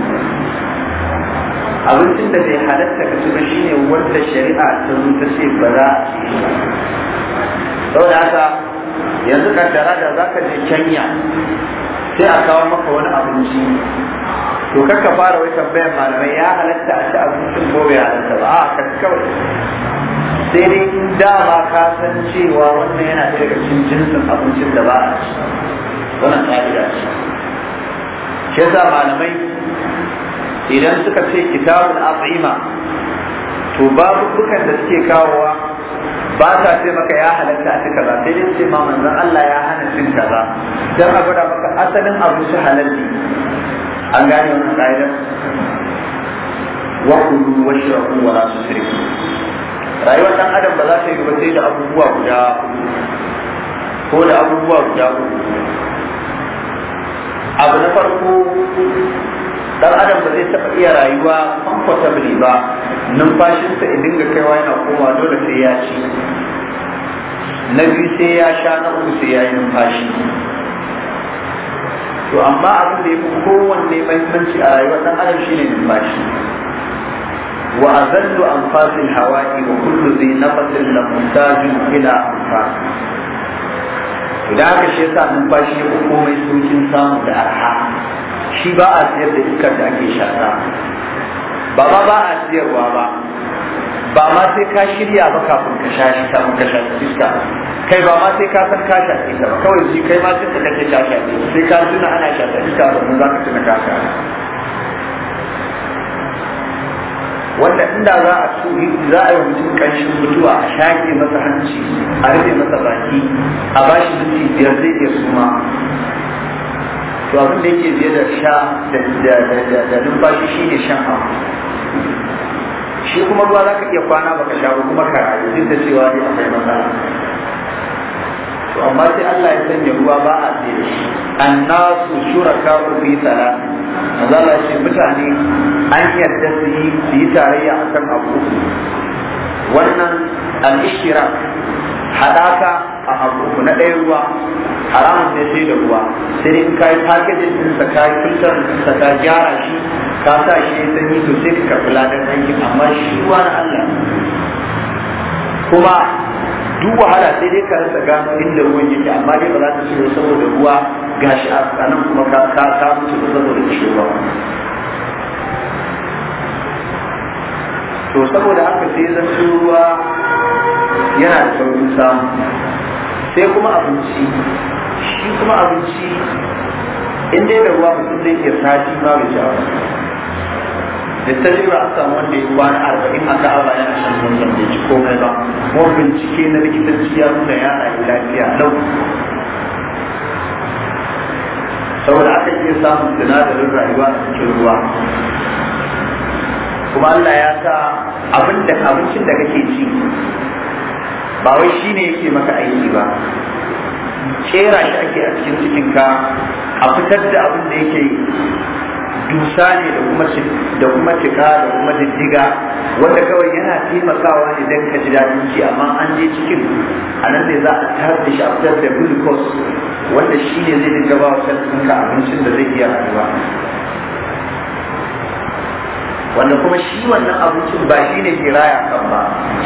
abincin da bai halatta ka ci ba shine wanda shari'a ta zo ta ce ba za a ci ba saboda haka yanzu kaddara da za ka je Kenya sai a kawo maka wani abinci to kakka fara wai tambayar malamai ya halatta a ci abincin ko bai halatta ba a kawai sai dai dama ka san cewa wannan yana daga cikin jinsin abincin da ba a ci wannan ka'ida ce shi yasa malamai idan suka ce kitabul azima to babu dukan da suke kawowa ba ta ce maka ya halatta a cika ba sai dai ce ma manzon Allah ya hana cin ba. dan a gwada maka asalin abinci halal ne an gane wannan ka'idar wa kulu washrabu wa la tusrifu rayuwar dan adam ba za ta yi gaba sai da abubuwa guda ko da abubuwa guda abu na farko dan adam ba zai taɓa iya rayuwa comfortably ba numfashinsa in dinga kaiwa yana koma dole sai ya ci na biyu sai ya sha na uku sai ya yi numfashi to amma abin da ya fi kowanne mahimmanci a rayuwar dan adam shine numfashi وأذل أنفاس الهواء وكل ذي نفس لمحتاج إلى أنفاس idan aka shi yasa numfashi ya fi komai sokin samu da arha shi ba a siyar da iskar da ake shata ba ma ba ba ba sai ka shirya ba kafin ka sha shi kafin ka sha iska kai ba ka san ka sha ba kawai shi kai ma sai ka kace ka sha sai ka ana sha iska ba za ka tuna ka wanda inda za a turi za a yi mutum kanshin mutuwa a shaƙe masa hanci a rufe masa baki a ba shi minti biyar zai iya suma to abin da yake biye da sha da numfashi shi ne shan abu shi kuma ruwa za ka iya kwana baka sha kuma ka rayu duk da cewa ne akwai matsala to amma sai Allah ya sanya ruwa ba a tsere annasu shuraka fi salat manzo Allah ce mutane an yarda su yi su yi tarayya akan abu wannan al-ishtirak hadaka a abu na ɗaya ruwa haramun ne sai da ruwa sai dai in ka yi packaging din sa ka yi filter sa ka gyara shi ka sa shi ya sanyi to sai ka karɓi ladan aikin amma shi ruwa na Allah kuma duk wahala sai dai ka rasa ga inda ruwan yake amma dai ba za ta cire saboda ruwa gashi a nan kuma ka ka ka mutu saboda kishewa to saboda haka sai zan ruwa yana da saurin samu sai kuma abinci shi kuma abinci in dai da ruwa mutum zai iya sati ma bai ci da ta ba a samu wanda ya kwana arba'in a ka'aba yana shan wannan bai ci komai ba kuma bincike na likitanci ya nuna ya rayu lafiya lau saboda aka iya samun sinadarin rayuwa a cikin ruwa kuma Allah ya sa abin da abincin da kake ci ba wai shi ne yake maka aiki ba kera shi ake a cikin cikinka a fitar da abin da yake dusa ne da kuma da kuma cika da kuma diddiga wanda kawai yana taimakawa ne don ka ji daɗin ci amma an je cikin a nan ne za a tarar da shi a fitar da glucose wanda shi ne zai dinga ba wa ka abincin da zai iya rayuwa wanda kuma shi wannan abincin ba shi ne ke raya kan ba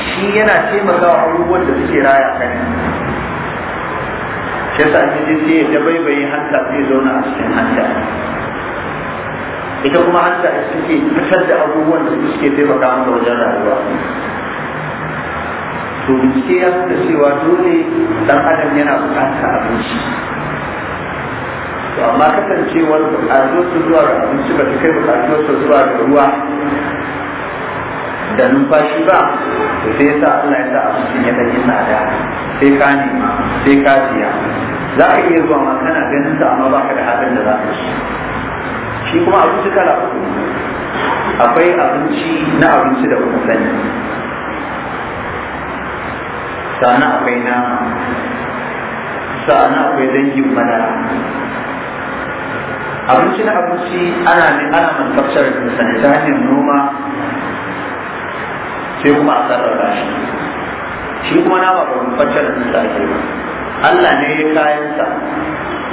shi yana taimakawa abubuwan da suke raya kan shi yasa an ji sai ya dabaibaye hanta zai zauna a cikin hanta ita kuma hanta ita suke fitar da abubuwan da suke taimaka mata wajen rayuwa to bincike ya da cewa dole dan adam yana bukata abinci to amma kasancewar bukatuwar su zuwa ga abinci ba ta kai bukatuwar su zuwa ga ruwa da numfashi ba to sai yasa Allah ya sa abincin ya dan yi tsada sai ka nema sai ka siya za a iya zuwa ma kana ganin ta amma ba ka da haɗin da za ka ci shi kuma abinci kala akwai abinci na abinci da kuma sani sana akwai na sana akwai dangin madara abinci na abinci ana ne ana manufacturing da sani ta hanyar noma sai kuma a sarrafa shi shi kuma nama ba manufacturing da sani Allah ne ya kayan sa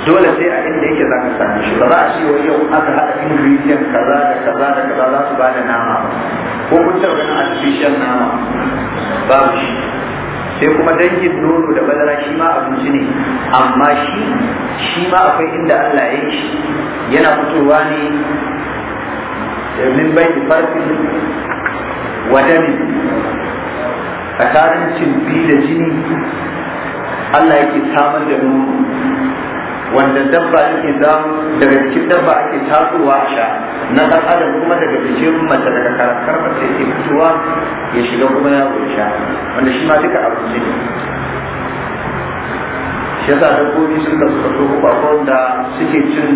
dole sai a inda yake za ka same shi ba za a ce wa yau aka haɗa ingredient kaza da kaza da kaza za su ba da nama ba ko kun taɓa ganin artificial nama mu shi sai kuma dangin nono da madara shi ma abinci ne amma shi shi ma akwai inda Allah ya yi shi yana fitowa ne min bai farfin wadani tsakanin cin bi da jini Allah yake samar da nono wanda dabba yake za daga cikin dabba ake tasowa a sha na dan adam kuma daga cikin mace daga karakar mace yake fitowa ya shiga kuma ya sha wanda shi ma duka abinci ne shi yasa dabbobi sun kasu kaso kuma wanda suke cin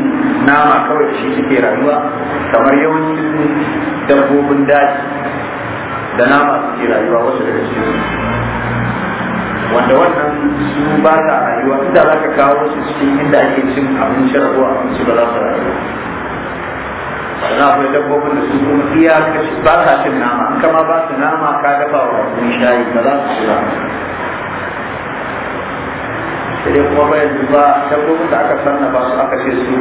nama kawai da shi suke rayuwa kamar yawancin dabbobin daji da nama suke rayuwa wasu daga cikin wanda wannan su ba ta rayuwa inda za ka kawo su cikin inda ake cin abinci a abinci ba za su rayu sannan akwai dabbobin da su kuma iya ba sa cin nama in kama ba su nama ka dafa wa kuma shayi ba za su ba sai dai kuma bayan ba dabbobin da aka ba su aka ce su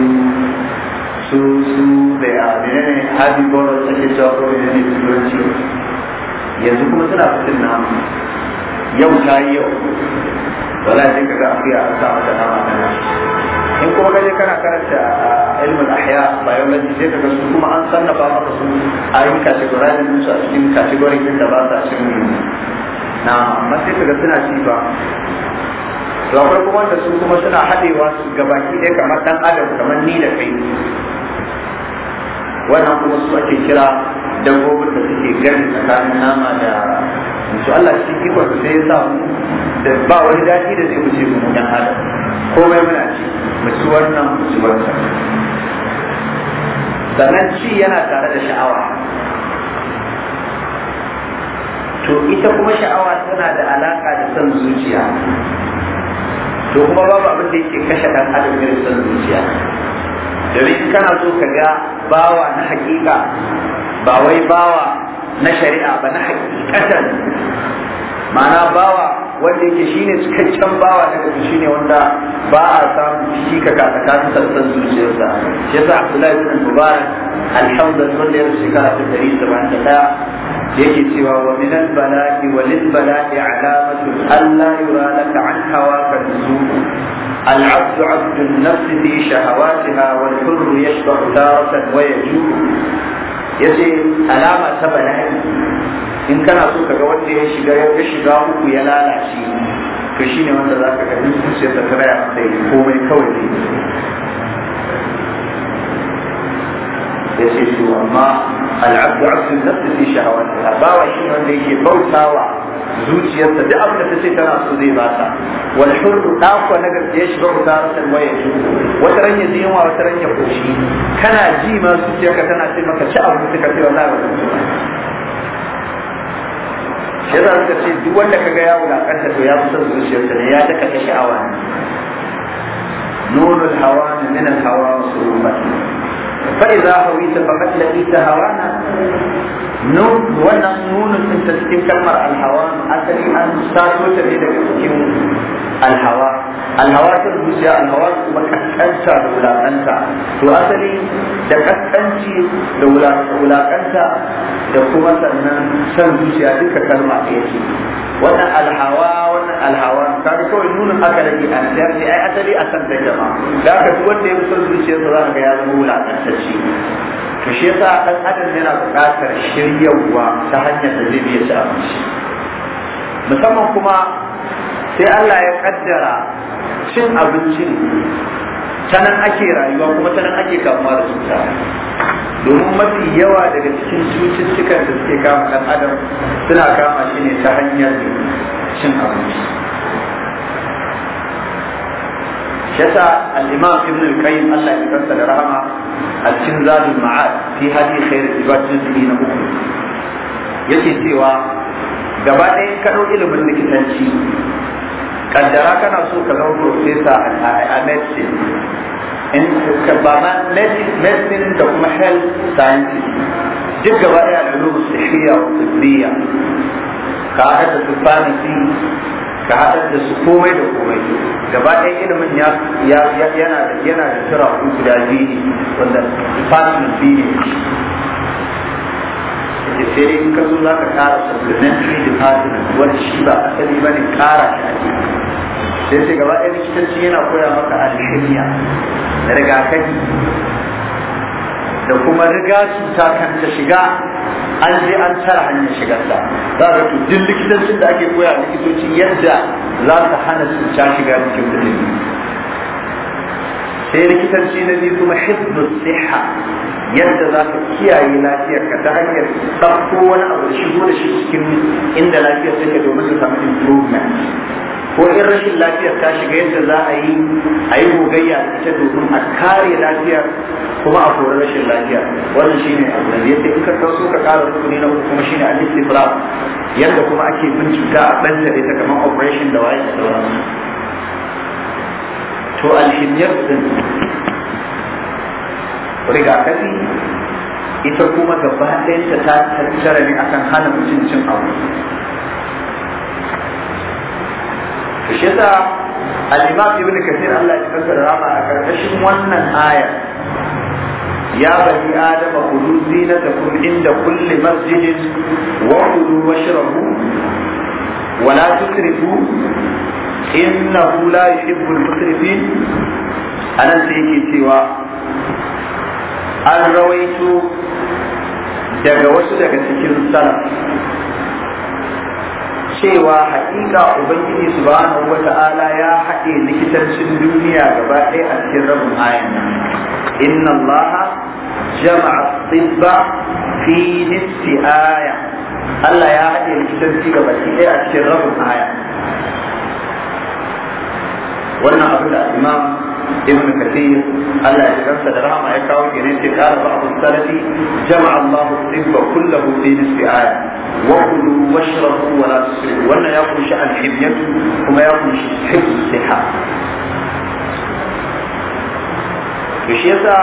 su su da ya ne menene herbivores ake cewa ko menene turanci yanzu kuma suna fitin nama yau ta yi yau wala sai kaga akuya a sa mata nama kana in kuma kaje kana karanta ah, ilmin ahya biology sai kaga su kuma an sannafa maka su a yin categorizing din su a cikin kategorin din da ba sa cin na amma sai kaga suna ci ba to kuma wanda su kuma suna haɗewa su gabaki ɗaya kamar ɗan adam kamar ni da kai wannan kuma su ake kira dabbobin da suke gani tsakanin nama da to Allah shi ikon su sai ya sa da ba wani daɗi da zai wuce mu yan ko mai muna ci mu wannan mu ci wannan sannan ci yana tare da sha'awa to ita kuma sha'awa tana da alaka da son zuciya to kuma babu abin da yake kashe ɗan adam ne san zuciya domin kana so ka ga bawa na hakika ba wai bawa na shari'a ba na hakikatan ma'ana bawa wanda yake shine cikakken bawa na gaske shine wanda ba a samu shi ka kasa kasu sassan zuciyarsa shi yasa Abdullahi bin Mubarak alhamdulillah wanda ya rufe shekara ta dari saba'in da ɗaya yake cewa wa min al-bala'i wa lil bala'i alamatu alla yura laka an hawa ka nuzu العبد عبد النفس في شهواتها والحر يشبع تارة ويجوع ya ce alama ta bala'i in kana so ka ga wanda ya shiga ya shiga uku ya lalace to shine wanda za ka ga zuciyar da ta raya masa komai kawai ne yace to amma al'abdu abdu nafsi fi shahawatiha bawa shi wanda yake bautawa zuciyarsa duk abin da ta ce tana so zai bata wal hurru dako na gaskiya shi bauta rasan waya ji wata ranya ji wata ranya koshi kana ji ma zuciyarka tana ce maka ci abu da ka ce wallahi ba shi za ka ce duk wanda ka ga ya wulakanta to ya fi zuciyarsa ne ya daka ta sha'awa nurul hawa min al hawa wa فإذا هويت فقد لقيت هوانا نون wannan nunin din ta cikin kalmar alhawa asali an samo ta ne daga cikin alhawa Alhawatar zuciya alhawasin kuma da wulakanta to asali da kaskanci da wulakanta da kuma sannan san zuciya duka kalma ɗaya wannan alhawa wannan alhawa kaga kawai nunin aka rage a sayar ai asali a san kai jama'a da aka wanda ya fi son zuciyarsa za ka ya zama wulakantacce to shi yasa dan adam yana buƙatar shiryawa ta hanyar da zai biya ci musamman kuma sai Allah ya kaddara cin abincin ta nan ake rayuwa kuma ta nan ake kamuwa da cuta domin mafi yawa daga cikin cututtukan da suke kama ɗan adam suna kama shi ne ta hanyar cin abinci yasa al-imam ibn al-qayyim Allah ya kansa da rahama a cikin zadul ma'ad fi hadith khair ibadatin na uku yake cewa gaba ɗaya ka ilimin likitanci kaddara kana so ka zama profesa a medicine in ba ma medicine da kuma health sciences duk gaba ɗaya da lubu sahiya wa tsibbiya ka haɗa da su pharmacy ka haɗa da su komai da komai gaba ɗaya ilimin yana da yana da guda biyu wanda department biyu da sai dai in ka zo za ka kara supplementary department wani shi ba asali ba ne kara shi sai sai gaba ɗaya likitanci yana koya maka alhimiya da rigakafi da kuma riga cuta kan ta shiga an je an tara hanyar shigar ta za ka to duk likitancin da ake koya likitocin yadda za ka hana cuta shiga cikin mutum sai likitanci na biyu kuma hibdu siha yadda za ka kiyaye lafiyar ka ta hanyar ɗauko wani abu da shigo da shi cikin inda lafiyar take domin ka samu improvement ko in rashin lafiyar ta shiga yadda za a yi a yi gogayya ita domin a kare lafiyar kuma a kori rashin lafiya wannan shine abu da yadda in ka taso ka kara rukuni na uku kuma a al-istifra yadda kuma ake bincika a ɗan ta kamar operation da waye da sauransu to alhimiyar din rigakafi ita kuma gaba ɗayanta ta tattara ne akan hana mutum cin abu to shi yasa al-imam ibn kathir Allah ya tsara rama a karkashin wannan aya ya bani adam kulu zinatakum inda kulli masjidin wa kulu washrabu wa la tusrifu innahu la yuhibbul musrifin anan sai yake cewa an rawaito daga wasu daga cikin salaf cewa haƙiƙa ubangiji subhanahu wata'ala ya haɗe likitancin duniya gaba ɗaya a cikin rabin ayan inna Allah jama'a tibba fi nisfi aya Allah ya haɗe likitanci gaba ɗaya a cikin rabin aya wannan abin da imam ibn kathir Allah ya kansa da rahama ya kawo kenan ce kala ba'd salafi jama'a Allahu tibba kullahu fi nisfi aya wa kulu washrabu wa la tusrifu wannan ya kunshi al-himyatu kuma ya kunshi hifz siha to shi yasa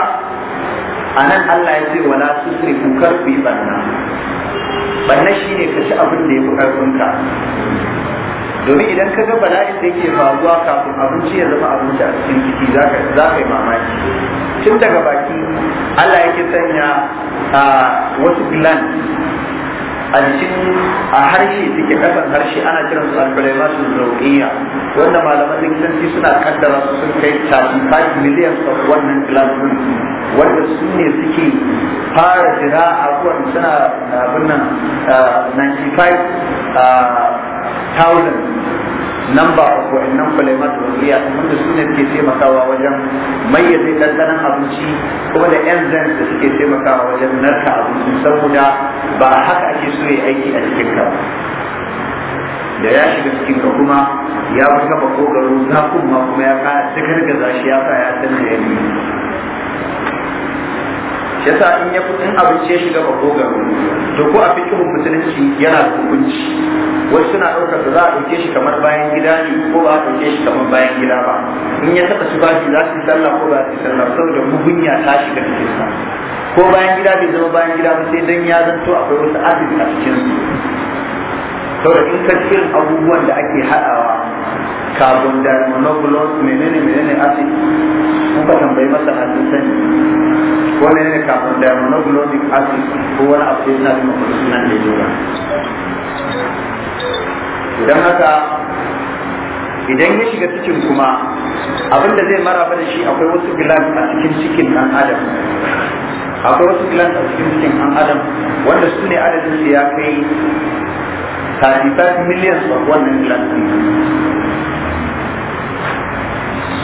anan Allah ya ce wala tusrifu kar ku yi banna banna shine ka ci abin da ya fi karfin ka domin idan ka ga bala'in da yake faruwa kafin abinci ya zama abinci a cikin ciki za ka yi mamaki tun daga baki Allah yake sanya a wasu gland a jikin a harshe suke kasan harshe ana kiran su alkulaima su zauƙiya wanda malaman likitanci suna kaddara su sun kai 35 miliyan of wannan gland wanda su ne suke fara jira a suna abin nan 95 thousand number of wa'annan kulaimat wasiya wanda su ne suke taimakawa wajen mayyaze ɗanɗanon abinci kuma da 'yan enzymes da suke taimakawa wajen narka abinci saboda ba haka ake so ya aiki a cikin ka da ya shiga cikin ka kuma ya fi kafa kogaro zafin ma kuma ya kaya cikin gaza shi ya kaya ya sanar yanayi yasa in ya in abinci ya shiga makogaro to ko a fice musulunci yana da hukunci wasu suna ɗaukar da za a ɗauke shi kamar bayan gida ne ko ba a ɗauke shi kamar bayan gida ba in ya taɓa su bashi za su yi sallah ko ba su yi sallah saboda mugunya ta shiga sa ko bayan gida bai zama bayan gida ba sai dan ya zanto akwai wasu asibi a cikin su saboda in ka cikin abubuwan da ake haɗawa carbon monoculus menene menene acid ka tambayi masa hannun sani ko menene carbon monoculus acid ko wani abu ya da mafi nan da jura idan haka idan ya shiga cikin kuma abin da zai maraba da shi akwai wasu gland a cikin cikin ɗan adam akwai wasu gland a cikin cikin ɗan adam wanda su ne adadin su ya kai 35 million of wannan class din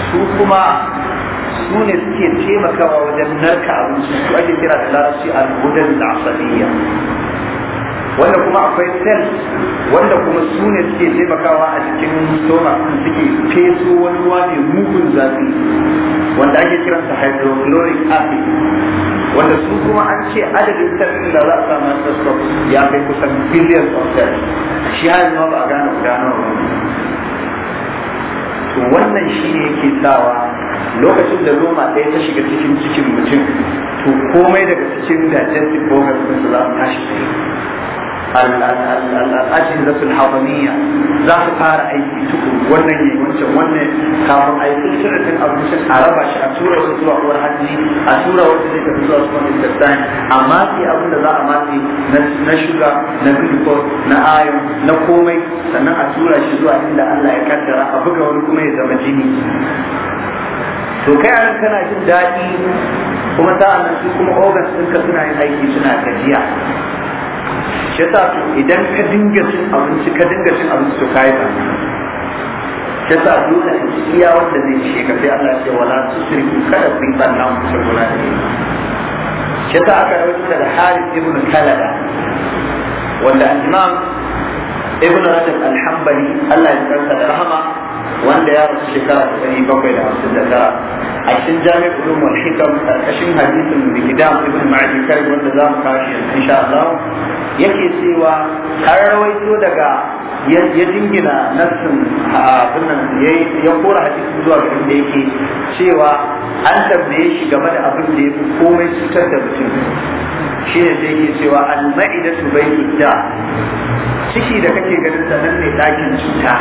su kuma su ne suke taimakawa wajen narka abinci su ake kira da larabci al-hudan al-asabiyya wanda kuma akwai cells wanda kuma su ne suke taimakawa a cikin soma suke feso wani ruwa mai mugun zafi wanda ake kiransa hydrochloric acid wanda su kuma an ce adadin sarkin da za a samu ya kai kusan billion of cells shi ya zama ba a gane gudanar to wannan shi ne yake sawa lokacin da roma ɗaya ta shiga cikin cikin mutum to komai daga cikin digestive organs ɗinsa za a tashi al'ajin da sun hawaniya za su fara aiki tukuru wannan ne wancan wannan kafin a yi tsirrin abincin a raba shi a tura wasu zuwa kuwar hajji a tura wasu zai tafi zuwa suwa mai tattayin amma sai abin da za a mafi na shuga na bilikor na ayon na komai sannan a tura shi zuwa inda allah ya kaddara a buga wani kuma ya zama jini to kai an kana jin daɗi kuma sa'an nan su kuma ogas ɗinka suna yin aiki suna gajiya shi yasa idan ka dinga cin abinci ka dinga cin abinci to kai ba shi sa dole ka ci iya wanda zai ce ka sai Allah ce wala tusriku kada ku yi banna ku ce wala ne shi sa aka rawaito da Harith ibn Kalada wanda al-Imam ibn Rajab al-Hanbali Allah ya tsarka da rahama wanda ya rasu shekara ta ɗari bakwai da hamsin da tara a cikin jami'ar ulum hikam karkashin hadisin da hamsin ibn ma'aji kai wanda za mu kashi yanzu insha Allah yake cewa har rawaito daga ya jingina nassin abin nan ya kora hadisin zuwa ga inda yake cewa an tambaye shi game da abin da ya fi komai cutar da mutum shi ne sai ke cewa almai da su bai cuta ciki da kake ganin sa nan ne ɗakin cuta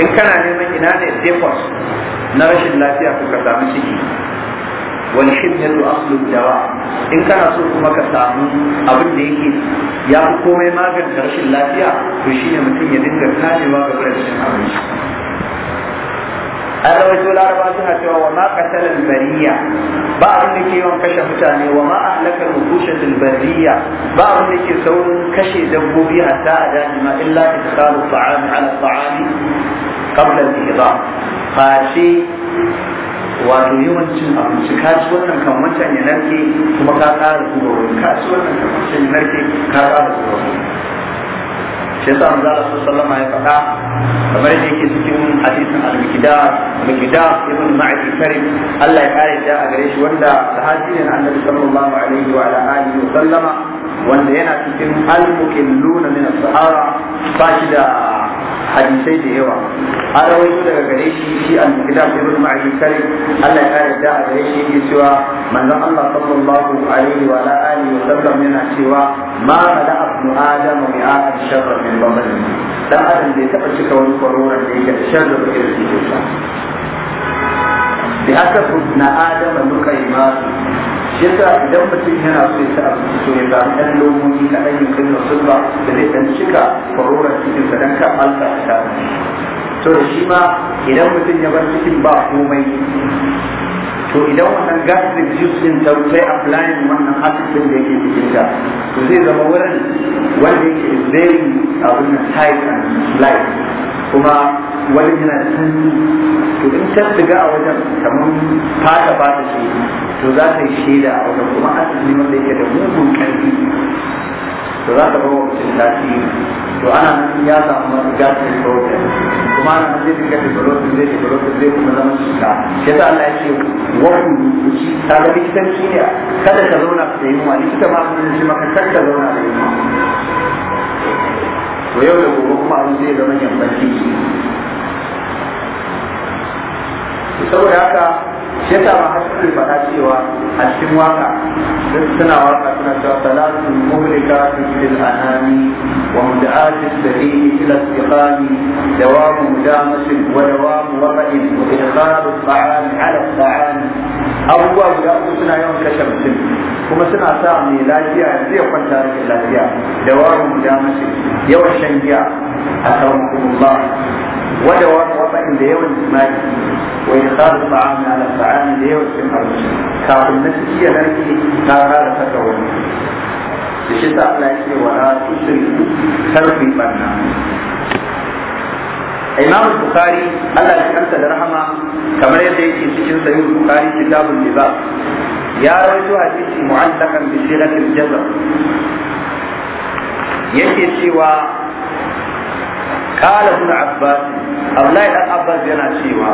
in kana neman ina ne depot na rashin lafiya ko ka samu ciki wal himyatu aslu dawa in kana so kuma ka samu abin da yake ya fi komai maganin rashin lafiya to shine mutum ya dinga kamewa ga rashin abinci an rawaito laraba suna cewa wa ma qatala bariya ba abin da ke yawan kashe mutane wa ma ahlaka nukushat bariya ba abin da ke saurin kashe dabbobi a hatta a daji ma illa itqalu ta'ami ala ta'ami qabla al-idam fashi wato yawancin abinci wannan kan wancan ya narke kuma ka ƙara zuwa wani wannan kan wancan ya narke ka ƙara zuwa wani shi yasa manzo Allah sallama ya faɗa kamar da yake cikin hadisin al-mikdar mikdar ibn ma'di karim Allah ya kare da a gare shi wanda sahabi ne annabi sallallahu alaihi wa alihi wa sallama wanda yana cikin al-muqilluna min as-sahara ba shi da hadisai da yawa an rawaito daga gare shi shi al-muqaddam ibn ma'in karim Allah ya kare da a gare shi yake cewa manzon Allah sallallahu alaihi wa ala alihi wa sallam yana cewa ma bada ibn adam bi aad sharra min babani dan adam bai taba cika wani kwaroran da yake da sharri da yake cikin bi haka na adama nuka yi masu shi yasa idan mutum yana so ya abinci to ya samu ɗan lomomi na ɗan yankin da sulba da zai ɗan cika kwaroron cikin sa dan ka alka ta to da shi ma idan mutum ya bar cikin ba komai to idan wannan gastric juice din ta rufe applying wannan acid da yake cikin ta to zai zama wurin wanda yake very abin tight and light kuma wajen yana sanyi to in ta shiga a wajen kamar fata ba ta ce to za ta yi shaida a wajen kuma asali wanda yake da mugun ƙarfi to za ta bawa mutum tasiri to ana nan ya samu da protein kuma ana nan zai fika developin zai developin zai kuma zama shuka. ya sa Allah ya ce wani kuci ta ga likitanci ne kada ka zauna da yunwa likita ma sun ce maka kada ka zauna yi yunwa to yau da gobe kuma abin zai zama yambanci saboda haka shi yasa ma har suke faɗa cewa a cikin waka suna waka suna cewa salatu muhlika fil anami wa mud'ati sabihi ila istiqami dawam mudamas wa dawam waqin wa idkhal al-ta'am ala al-ta'am abubuwa guda uku suna yawan kashe mutum kuma suna sa mai lafiya yanzu ya kwanta da lafiya da warin guda mace yawan shan giya a tsawon kuma Wadda wani wata da yawan jima'i wai ya sa da sa'ani ala sa'ani da yawan cin abinci kafin na su iya narke ta kara saka wani da shi sa Allah ya ce wa na tushen karfi banna imam bukari, Allah ya kanta da rahama kamar yadda yake cikin sahih bukhari kitabul libas ya rawaito hadisi mu'allaqan bi siratil jazr yake cewa qala ibn abbas Abdullahi dan Abbas yana cewa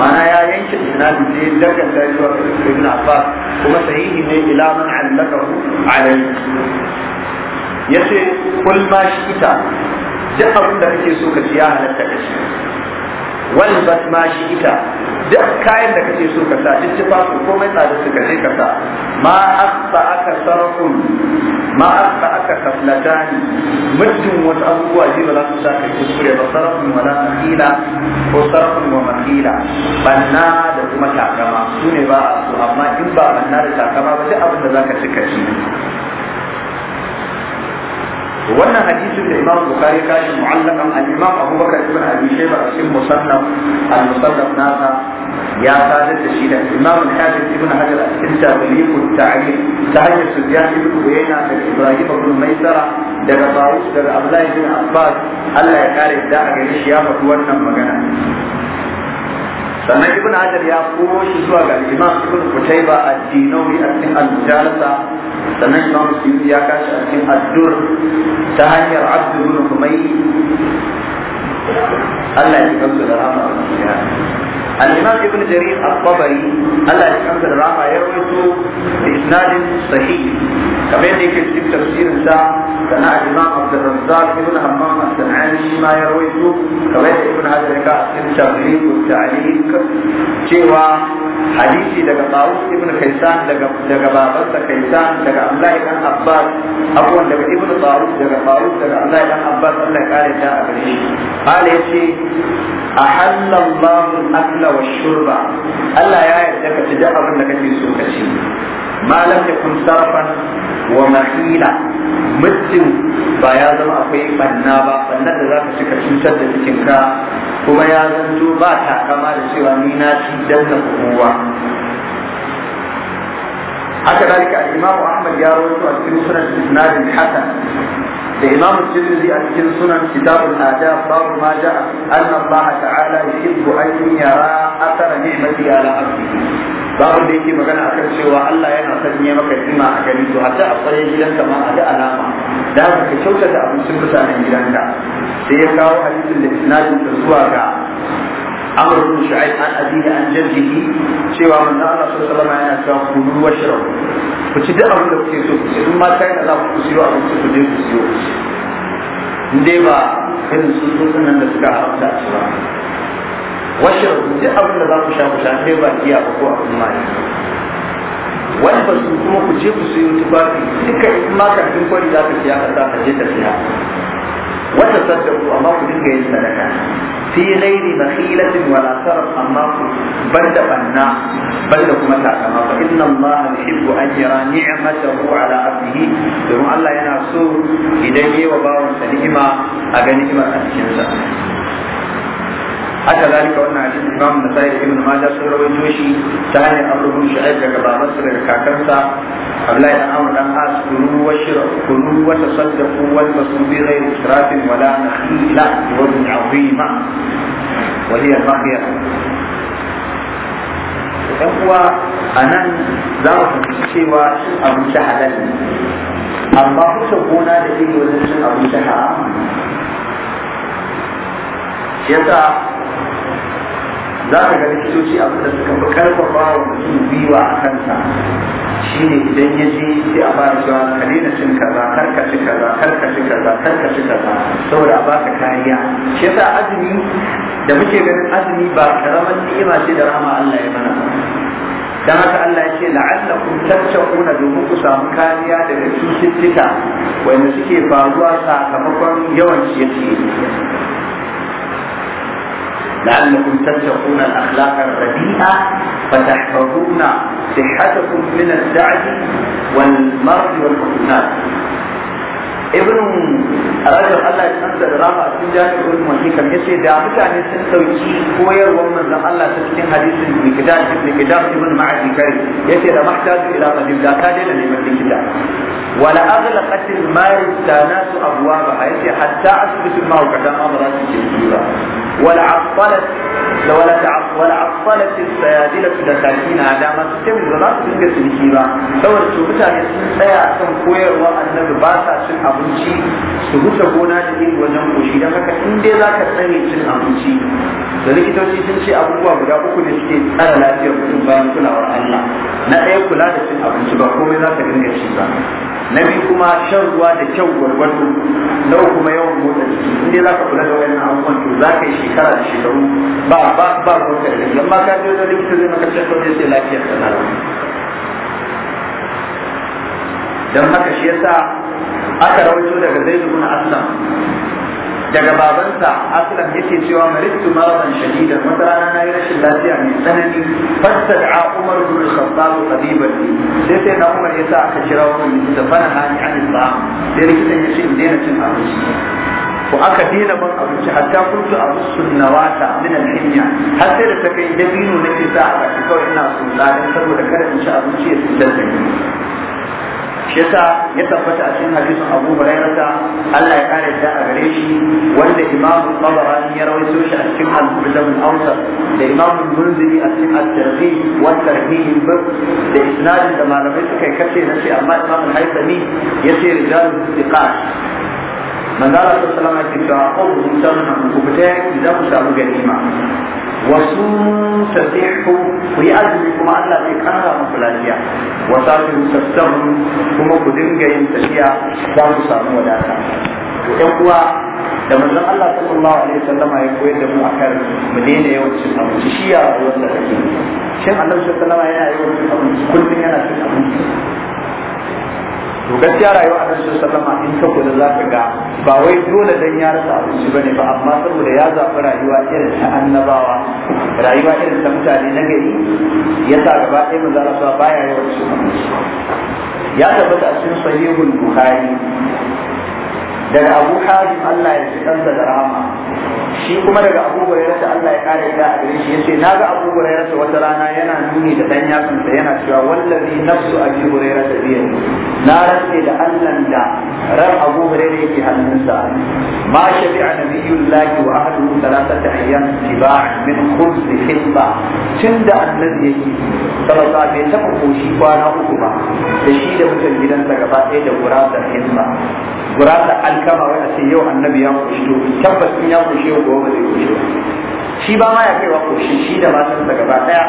mana ya yanke isnadi ne daga zuwa ibn Abbas kuma sahihi ne ila man allaqahu alayhi yace kul ma ita. duk abin da kake so ka siya halatta da shi walbas ma shi ita duk kayan da kake so ka sa duk tufafi komai tsada su ka je ka sa ma aka sarfun ma asba aka kaflatani muddin wasu abubuwa ji ba za su sa kai kuskure ba sarfun wa makila ko sarfun wa makila banna da kuma takama su ne ba a so amma in ba banna da takama ba duk abin da za ka ci ka ci wannan hadisin da imam bukari kashi mu'allakan al-imam abubakar ibn abi shayba a cikin musannaf al-musannaf nasa ya sadar da shi da imam al-hafiz ibn hajar a cikin tabliqut ta'lim ta hanyar sufyan ibn uyayna da ibrahim ibn maisara daga barus daga abdullahi ibn abbas Allah ya kare da a gare shi ya faɗi wannan magana sannan ibn hajar ya koro shi zuwa ga imam ibn kutaiba a dinawi a cikin al-mujalasa sannan imam suyuti ya kashi a cikin addur ta hanyar abdu bin humayi Allah ya kansu da rama a duniya al-imam ibn jarir al-tabari Allah ya kansu da rama ya rawaito isnadin sahih kamar yadda yake cikin tafsirin sa sana al-imam Abdul ibn Hammam as-Sanani ma ya rawaito kamar yadda Ibn Hajar ya cikin ta'liq cewa hadisi daga Tawus ibn Kaysan daga daga babansa daga Abdullah ibn Abbas abuwan daga Ibn Tawus daga Tawus daga Abdullah ibn Abbas Allah ya kare ta a gare shi qala yace الله الأكل والشرب ألا يا يدك تجاه أبنك في سوكتي ma kun yakun sarfan wa mahila mutum ba ya zama akwai banna ba banna da za cika cutar da ka kuma ya zanto ba kama da cewa ni na ci danna kowa haka dalika ka imam ahmad ya rawaito a cikin sunan isnadin hasan da imam tirmidhi a cikin sunan kitabul adab babu ma a anna allah ta'ala yuhibbu an yara athara ni'mati ala abdihi babu da yake magana akan cewa Allah yana son ya maka ni'ima a gari to hatta a tsare gidanka ma a ga alama da ka kyautata abincin mutanen gidanka sai ya kawo hadisin da isnadin zuwa ga amr bin shu'aib an abihi an jaddihi cewa manzo Allah sallallahu alaihi yana cewa kulu washrabu ku ci duk abin da kuke so ku ci ma kai Allah ku siyo abin ku je ku siyo inde ba kan su sun nan da suka haramta a cewa washrabu duk abin da za ku sha ku sha ne ba kiya ba ko abin ne? wani ba su kuma ku je ku siyo tufafi duka in ma ka din kwari za ka siya ka za ka je ta siya wata sadda ku amma ku dinga yin sadaka fi ghairi bakhilatin wala sarf amma banda banna banda kuma ta takama fa inna allaha yuhibbu an yara ni'matahu ala abdihi domin Allah yana so idan yayi wa bawansa ni'ima a ga ni'imar a cikin sa haka zalika wannan hadisi imam nasai da ibn majah sun rawaito shi ta hanyar abu bin shu'aib daga babansa daga kakansa abdullahi dan amr dan as kunu wa shira kunu wa tasaddaqu wa tasu bi ghairi israfin wala nakhila wa bi azima wa hiya al-baqiya dan uwa anan za mu fahimci cewa cin abinci halal ne amma kusa gona da ido wajen cin abinci haram yasa za ka ga likitoci abin da suka fi karfafa wa mutum gwiwa a kansa shi ne idan ya je sai a fara zuwa ka daina cin kaza kar ci kaza kar ci kaza kar ci kaza saboda a baka kariya shi yasa azumi da muke ganin azumi ba karamar ni'ima ce da rahama Allah ya mana dan haka Allah ya ce la'allakum tattaquna domin ku samu kariya daga cututtuka wanda suke faruwa sakamakon yawan ciye لأنكم تتقون الأخلاق الرديئة فتحفظون صحتكم من الدعي والمرض والخطونات ابن رجل الله يسمى الرابع سنجا يقول مهيكا يسي دعوك أن يسنسو يشي كوية ومن ذا الله تسنين حديث ابن كدار ابن كدار ابن معد كري يسي لما احتاج إلى قدم ذاكاد لن يمت كدار ولا أغلقت الماء الثاناس أبوابها يسي حتى أثبت الماء كدام أمرات الجنسية ولعطلت ولعطلت السيادلة دخلين على ما تتم زمان تلك الكيبة سوى السبتة يسمى كم كوير وأنك باسا شن أبنشي سبتة قونا جديد وجن قشي لك إن دي ذاك سمي شن أبنشي ذلك توشي تنشي أبوه وغدا أكو نشكي أنا لا تيرون بان كنا ورأينا نأي كلا شن أبنشي بقومي ذاك إنك شيبا na biyu kuma shan ruwa da kyau gwargwado na uku kuma yawan motsa jiki in dai za ka kula da wayannan abubuwan to za ka yi shekara da shekaru ba ba ba ruwan da amma ka je da likita zai maka cikin kawai sai lafiyar ka na dan haka shi yasa aka rawaito daga Zaid ibn Aslam daga babansa Aslam yake cewa maritu maradan shadida wata rana na yi rashin lafiya mai tsanani fastad'a Umar ibn Khattab tabiban li sai sai na Umar yasa aka kira wani da fara hani an ba sai likitan ya ce in daina cin abinci وأكا دينا من أبوش حتى كنت أبص النواة من الحنية حتى لتكي دبينو نكي ساعة شكوى إنا أصول الله ينسلوا لكذا إن شاء الله شيء سلسل shi yasa ya tabbata a cikin hadisin Abu Hurairah Allah ya kare da a gare shi wanda Imam Tabarani ya rawaito shi a cikin Al-Mu'jam al-Awsat da Imam Munziri a cikin At-Targhib wa Tarhib da isnadin da malamai suka kace na shi amma Imam al yace rijalul thiqat manzala ta salama ke cewa ko ku san ku fita yaki oh, za ku samu ganima wasu tasihu ku yi azumi kuma Allah zai kara muku lafiya wasa ku sassahu kuma ku dinga yin tafiya za ku samu wadata to ɗan uwa da mazan Allah sallallahu alaihi wasallama ya koyar da mu akan mu daina yawan cin abinci shi ya rayuwar da take shin Allah sallallahu alaihi wasallama yana yawan cin abinci kullum yana cin abinci to gaskiya rayuwa annabi sallama in ka kula za ka ga ba wai dole dan ya rasa abinci bane ba amma saboda ya zaɓi rayuwa irin ta annabawa rayuwa irin ta mutane na gari yasa gaba ɗaya zara ba baya yawan su ya tabbata a cikin sahihul bukhari daga abu hajim Allah ya ci kansa da rahama shi kuma daga abu hurairah Allah ya kare da a gare shi yace ga abu hurairah wata rana yana nuni da dan yatsunsa yana cewa wallazi nafsu abi hurairah biyar na rantse da Allah da ran Abu Hurairah yake hannunsa ma shafi'a nabiyullahi wa ahluhu ta ayyam tiba'an min khubz hilba tunda annabi yake sallallahu bai taɓa koshi kwana uku ba da shi da mutan gidansa gaba ɗaya da gurasa hilba gurasa alkama wai sai yau annabi ya koshi to tabbas in ya koshi yau gobe zai koshi shi ba ma ya kai wa koshi shi da matansa gaba ɗaya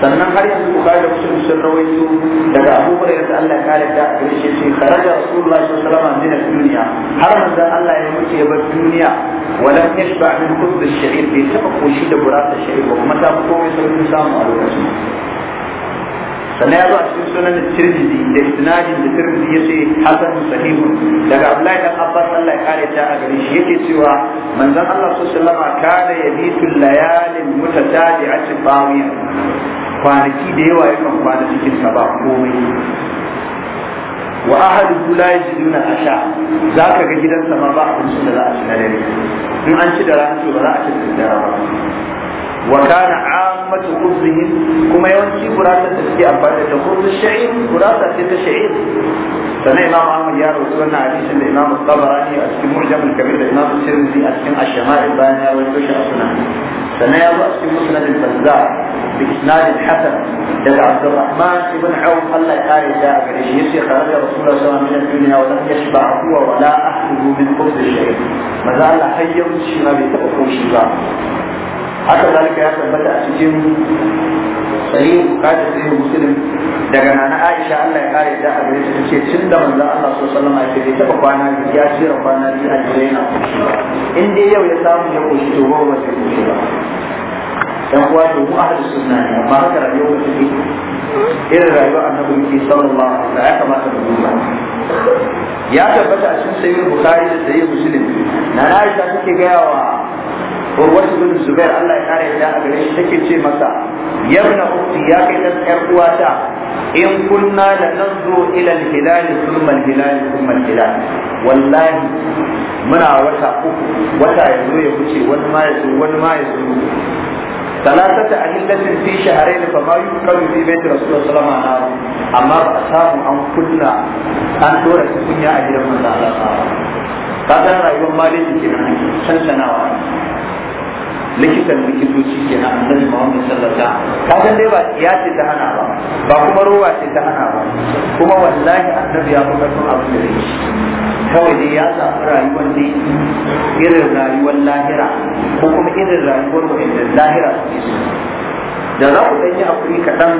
sannan har yanzu bukari da muslim sun rawaito daga abu hurairah da Allah ya kare ta a gare shi sai kharaja rasulullah sallallahu alaihi wasallam min duniya har manzon Allah ya wuce ya bar duniya walam yashba min khubz ash-sha'ir bai taba koshi da burata sha'ir ba kuma ta fi komai sauƙin samu a lokacin sannan ya zo a cikin sunan tirmidhi da isnadin da tirmidhi yace hasan sahihun daga abdullahi dan abbas Allah ya kare ta a gare shi yake cewa manzon Allah sallallahu alaihi wasallam kana yabitu layalin mutatabi'atin bawiyan kwanaki da yawa ya yakan kwana cikin sa ba komai wa ahaduhu la yajiduna asha zaka ga gidansa ma ba abinci da za a ci na dare in an ci da rana to ba za a ci da dare ba wa kana ammatu khubzihim kuma yawanci gurasa da suke amfani da khubz shay'in gurasa ce ta shay'in سنة إمام عمر يارو سنة عديس إن إمام الطبراني أسكي مرجم الكبير إمام الترمذي أسكي الشمال الباني ويكوش أسنة سنة أبو أسكي مسند الفزار بإسناد الحسن يدعى عبد الرحمن ابن عوف قال لك آية جابر إيش يسي خرج رسول الله صلى الله عليه وسلم من الدنيا ولم يشبع هو ولا أحبه من قبض الشيء ما زال حيا شيء ما بيتبقوا شيء haka zalika ya tabbata a cikin sahih bukata sahih muslim daga nana aisha Allah ya kare da abin da take cin da manzon Allah sallallahu alaihi wasallam ya taba kwana ya jira kwana biyu a jirena in dai yau ya samu ya kushi to ba ba kushi ba dan kuwa to mu ahlus sunna ne amma haka rayuwar mu ke? irin rayuwar annabi ki sallallahu alaihi wasallam ya kamata mu duba ya tabbata a cikin sahih bukata da sahih muslim nana aisha take gaya wa urwatu bin zubair Allah ya kare ta a gare shi take ce masa yabna ukti ya kai dan yar uwata in kunna la nazru ila al-hilal thumma al-hilal thumma al-hilal wallahi muna wata uku wata yanzu zo ya wuce wani ma ya zo wani ma ya zo ثلاثة أهلة في شهرين فما يذكر في بيت رسول الله صلى الله عليه an أما أصحاب أن كنا أن دورة الدنيا أجر من الله rayuwar قد رأيوا مالي كنا سنة likitan likitoci ke na annabi Muhammad sallallahu alaihi ka san dai ba ya ce ta hana ba ba kuma ruwa ce ta hana ba kuma wallahi annabi ya fi karfin abu da shi kawai dai ya samu rayuwar dai irin rayuwar lahira ko kuma irin rayuwar wa'inda lahira su su da za ku ɗanyi hakuri kaɗan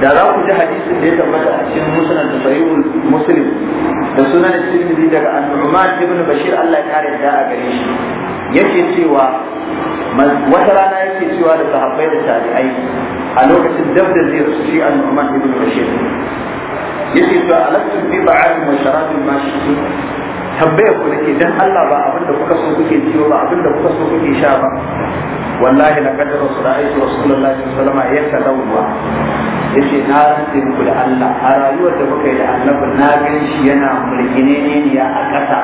da za ku ji hadisin da ya tabbata a cikin musulun da sahihul muslim da sunan tirmidhi daga an-nu'man ibn bashir Allah ya kare da a gare shi yake cewa wata rana yake cewa da sahabbai da tabi'ai a lokacin dab da zai rasu shi al-Nu'man ibn Bashir yake cewa alaktu bi ba'atin wa sharatin ma shi tabbaya ku nake dan Allah ba abin da kuka so kuke ci ba abin da kuka so kuke sha ba wallahi laqad rasul aitu rasulullahi sallallahu alaihi wasallam yakadawu ya na rantse muku da Allah a rayuwar da muka yi da annabi na gan shi yana mulkine ne ya a kasa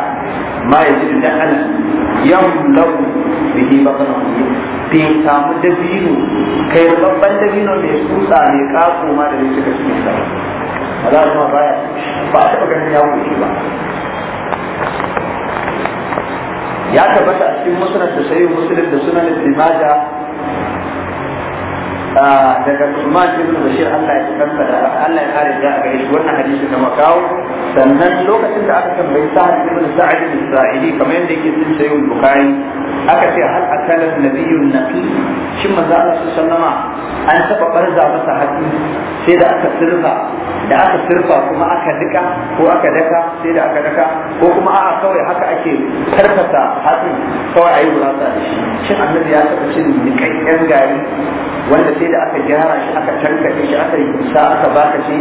ma ya ji da Allah yamlau bihi bakana bai samu dabino kai babban dabino mai tsutsa mai kafu ma da zai cika cikin sa ba za a baya ba a taɓa ganin ya wuce ba ya tabbata a cikin musulun da sayi musulun da sunan limaja daga Usman ibn Bashir Allah ya tsanta da Allah ya kare da gare shi wannan hadisin da makawo sannan lokacin da aka tambayi Sa'ad ibn Sa'id al-Sa'idi kamar yadda yake cikin Sahih Bukhari aka ce hal akala nabiyyun naqi shin manzo Allah sallama an taba barza masa hatsi sai da aka sirfa da aka sirfa kuma aka dika ko aka daka sai da aka daka ko kuma a'a kawai haka ake karkata hatsin kawai ayi wurasa da shi shin annabi ya taba cin nikakken gari wanda sai ne da aka gyara shi aka tankace shi aka yi kusa aka baka shi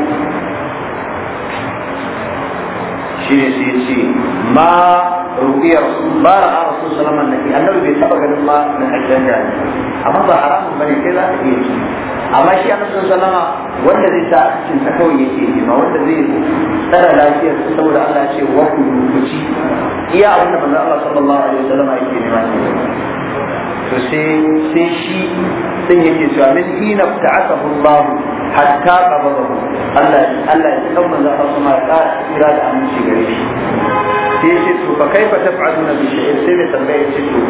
shi ne shi ce ma rubiya ba ra'a rasul sallallahu na ke, annabi bai taba ganin ba na aljanna amma ba haramun bane sai za ka iya shi amma shi a nasu salama wanda zai sa cin ta kawai yake ma wanda zai tsara lafiyar su saboda Allah ce wa ku ci iya abin da za Allah sallallahu alaihi wasallam yake nema ne to sai shi sun yake cewa min hina ta'atahu Allah hatta qabadahu Allah Allah ya san manzo Allah kuma ka kira da aminci gare shi sai yace to fa kaifa taf'aluna bi shay'in sai mai tambaya yace to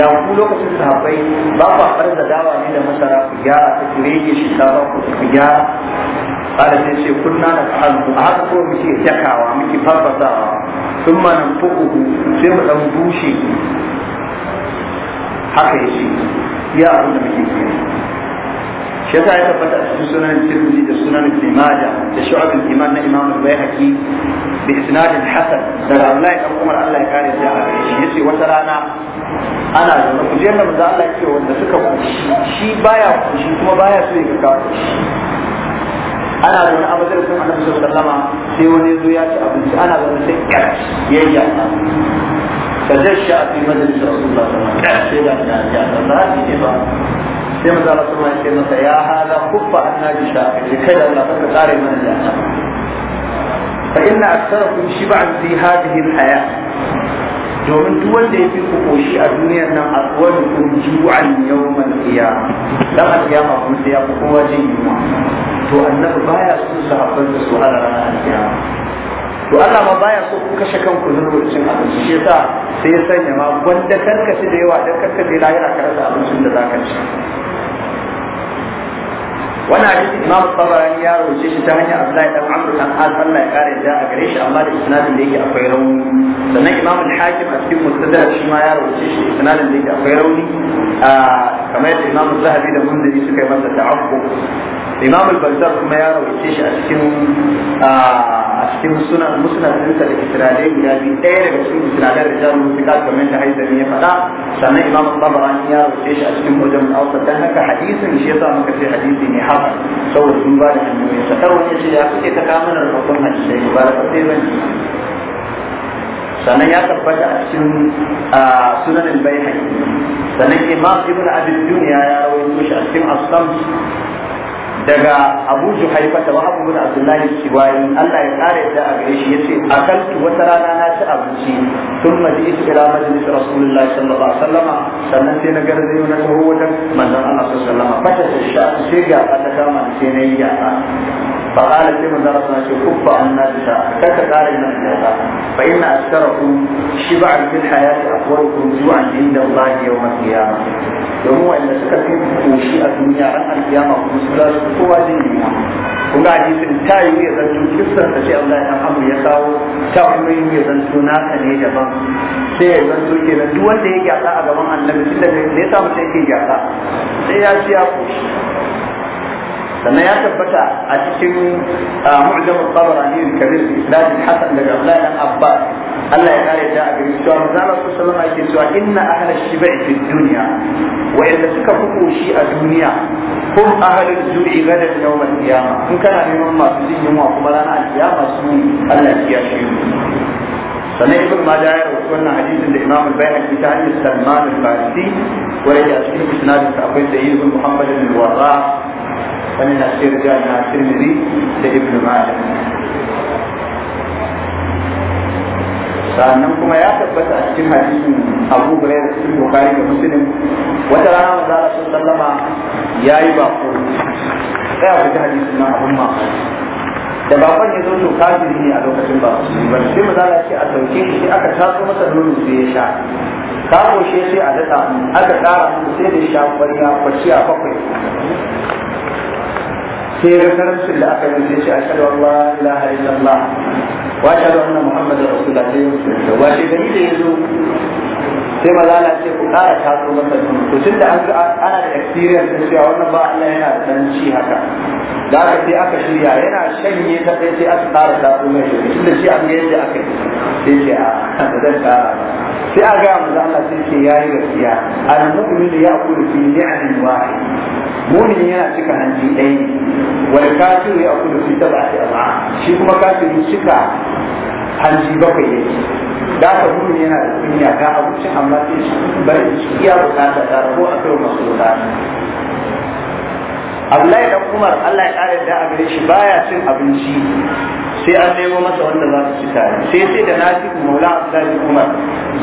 ya ku lokacin sahabbai ba ku haɓar da dawa ne da masara ku gyara ku kirege shi ka ku ku gyara قال sai ce kunna na fa'alku a haka ko muke takawa muke farfasawa sun ma nan fuku sai mu ɗan bushe haka ya ce ya abin da muke kiri shi yasa ya tabbata a cikin sunan tirmidhi da sunan ibn da shu'abul iman na imam al-baihaqi bi isnadin hasan daga Allah ya Umar Allah ya kare shi a shi yace wata rana ana da ku je da manzo Allah ya ce wanda suka kushi shi baya shi kuma baya so ya ga ana da wani abu da sun annabi sallallahu alaihi wasallam sai wani zo ya ci abinci ana da sai ya ya ba zai sha a fi majalisar rasulullah sai da ta ya ba za ki ne ba sai maza rasulullah ya ce masa ya hala kuffa an na ji sha ka kai da Allah ka tsare mana da ta domin duk wanda ya fi ku koshi a duniyar nan a tsawon kun ju'an yawmal qiyamah dan al-qiyamah kuma sai ya fi kowa jin yunwa to annabi baya so sahabban da su ala ranar al to Allah ma baya so ku kashe kanku zunubin abinci shi yasa sai ya sanya ma wanda karkace da yawa dan karkace lahira ka rasa abincin da za ka ci wani hadisi imam tabarani ya roce shi ta hanyar abdullahi dan amr dan as Allah ya kare da a gare shi amma da isnadin da yake akwai rauni sannan imam al-hakim a cikin mustadrak shi ma ya roce shi isnadin da yake akwai rauni ah, kamar yadda imam zahabi da munziri suka yi masa ta'aqqu imam al-bazzar kuma ya rawace shi a cikin a cikin sunan dinsa da isra'ilai guda biyu ɗaya daga cikin isra'ilai da jaru mutika kamar da haizami ya faɗa sannan imam al-tabarani ya rawace shi a cikin wajen al-awsat dan haka hadisin shi yasa muka ce hadisi ne haka saboda sun ba da hanyoyi sa wani ya ce ya kuke ta kamar rabon hadisai ba da fasai ban sannan ya tabbata a cikin sunan al-baihaqi sannan imam ibn abi dunya ya rawaito shi a cikin as daga abu haifa ta wahabu bin abdullahi shiwayi Allah ya kare da a gare shi yace akaltu wata rana na ci abinci sun maji ita ila majalis rasulullahi sallallahu alaihi wasallam sannan sai na garze na taho wajen manzon Allah sallallahu alaihi wasallam fata sai ga ta kama sai na yi yasa فقال في من درس ما كف عنا بشاء كك قال من الجزاء فإن أكثركم شبعا في الحياة أقوالكم جوعا عند الله يوم القيامة يوم أن سكتم وشيء الدنيا عن القيامة ومسلاش هو دنيا kun ga hadisin ta yi zan zanto kissar da sai Allah ya amu ya kawo ta kuma yi zan zanto naka ne daban sai ya zanto ke nan duk wanda ya gyasa a gaban annabi tunda ne ya samu sai ke gyasa sai ya ci ya koshi sannan ya tabbata a cikin mu'jam al-tabarani al-kabir fi isnad al-hasan daga Abdullah ibn Abbas Allah ya kare ta a gare cewa manzo Allah sallallahu alaihi yake cewa inna ahla shibai fi dunya wa yadda suka fi koshi a duniya hum ahlul zu'i gadan yawm al-qiyamah in kana neman masu jin yunwa kuma ranar al-qiyamah su Allah ya shi sannan ibn ma da ya rawaito wannan hadisin da imam al-bayhaqi ta hanyar salman al-farisi wanda ya cikin isnadin akwai sayyid ibn muhammad al-warra wannan na cikin rijal na tirmidhi da ibn majah sannan kuma ya tabbata a cikin hadisin abu da cikin bukari da musulun wata rana a sun sallama ya yi bako sai a fita hadisin na abun ma da baban ya zo to kafiri ne a lokacin ba ba sai mu zala ce a sauke shi sai aka taso masa nono sai ya sha ka koshe sai a dada aka kara mu sai da sha kwariya kwaciya a bakwai sai ga karancin da aka yi sai ce ashhadu an la ilaha illallah wa ashhadu anna muhammadar rasulullah sai yau da washe gari da yazo sai maza na ce ku kara taso masa to tun da ana da experience din cewa wannan ba Allah yana da dan haka da aka sai aka shirya yana shanye ta sai sai aka kara taso mai shi tun da shi an ga yadda aka yi sai ce a zan kara sai a gaya manzo Allah sai ce yayi gaskiya da ya ya'kulu fi li'anin wahid mu'min yana cika hanji ɗaya wal ya ya'kulu fi sab'ati ba? shi kuma kafiri cika hanji bakwai ne da ka mu'min yana da kunya ga abincin amma sai shi bari shi iya bukata ta ko a kai masu bukata Abdullahi dan Umar Allah ya kare da abin shi baya cin abinci sai an nemo masa wanda za su ci tare sai sai da naji maula abdullahi umar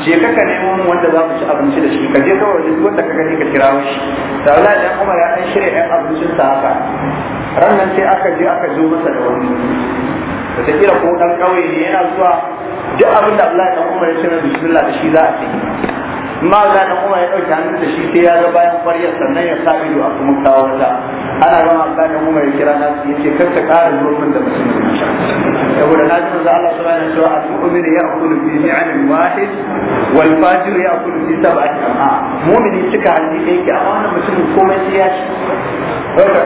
je ka ka nemo wanda za ku ci abinci da shi ka je kawai duk wanda ka gani ka kira shi da Allah da umar ya dan shirya ɗan abincin sa haka ran nan sai aka je aka zo masa da wani ta kira ko dan kauye ne yana zuwa duk abin da Allah dan umar ya ce bismillah da shi za a ci ga da umar ya ɗauki hannun da shi sai ya ga bayan kwaryar sannan ya sa ido a kuma kawo wata ana gama ba da kuma ya kira nasu yace ce ka ƙara da mutum ya sha saboda na ji manzo Allah sallallahu alaihi wasallam al-mu'min ya'kulu fi ni'amin wahid wal fajir ya'kulu fi sab'ati am'a mu'mini cika hanji kai ki amma mutumin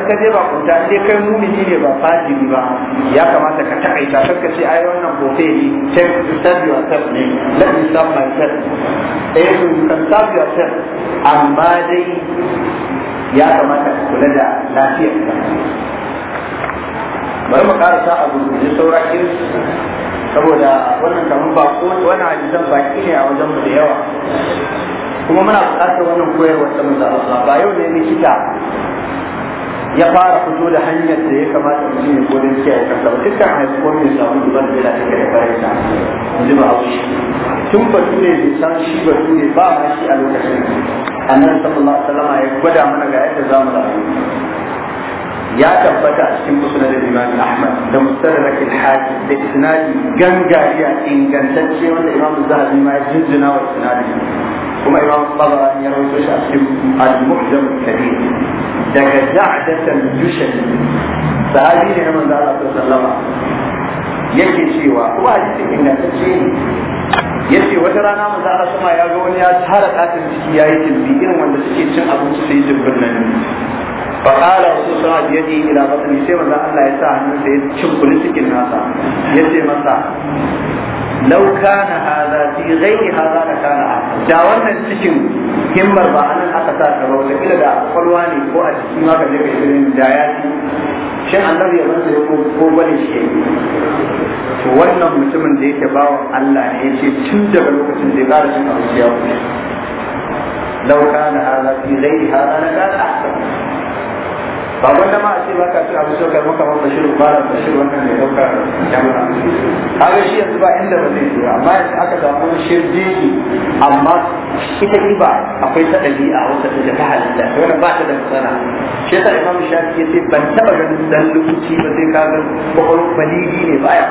ka je ba kunta sai kai mu'mini ne ba fajiri ba ya kamata ka takaita kanka sai ai wannan bofe ne sai you serve ne let me serve myself eh you can serve yourself amma dai ya kamata ku kula da lafiyarka bari mu karasa a gurgurje saura irin saboda wannan kamar ba ko wannan hadisan ba ne a wajen mu da yawa kuma muna buƙatar wannan koyarwar ta mu Allah ba yau ne likita ya fara fito da hanyar da ya kamata mu ne ko dan kiyaye kansa ba dukkan ko mai samu dubar da ta da bayan ta ji ba shi tun ba ne da san shi ba ne ba ma shi a lokacin annabi sallallahu alaihi wasallam ya gwada mana ga yadda zamu rayu ya tabbata a cikin musnad Imam Ahmad da mustadrak al-Hakim da isnadi gangariya ingantacce wanda Imam Zahabi ma ya jinjina wa isnadi kuma Imam Tabarani ya rawaito shi a cikin al-Muhjam al-Kabir daga Ja'datan Yushani sahabi ne na manzo Allah sallallahu yake cewa yace wata rana maza Allah sama ya ga wani ya tara katin ciki yayi tilbi irin wanda suke cin abinci sai jibbin nan فقال رسول الله بيده الى بطني sai manzo Allah ya sa hannunsa ya cinkuli cikin nasa yace masa lau kana hada fi ghairi hada da kana da wannan cikin himmar ba anan aka sa ta ba wata kila da kwalwa ne ko a cikin ma ka da ya ci shin annabi ya manta ko ko shi to wannan mutumin da yake bawa Allah ne yace tun daga lokacin da ya hada da ba wanda ma a ce ba ka ci abu sau karɓar shirin bashir malam shirin wannan mai dauka kyamara kaga shi yanzu ba inda ba zai je amma yanzu aka samu shirjiji amma ita riba akwai ta ɗabi'a wanda ta ta halitta wannan ba ta da matsala shi yasa imam shafi ya ce ban taɓa ganin dan lokaci ba sai ka ga kwakwalwar baligi ne baya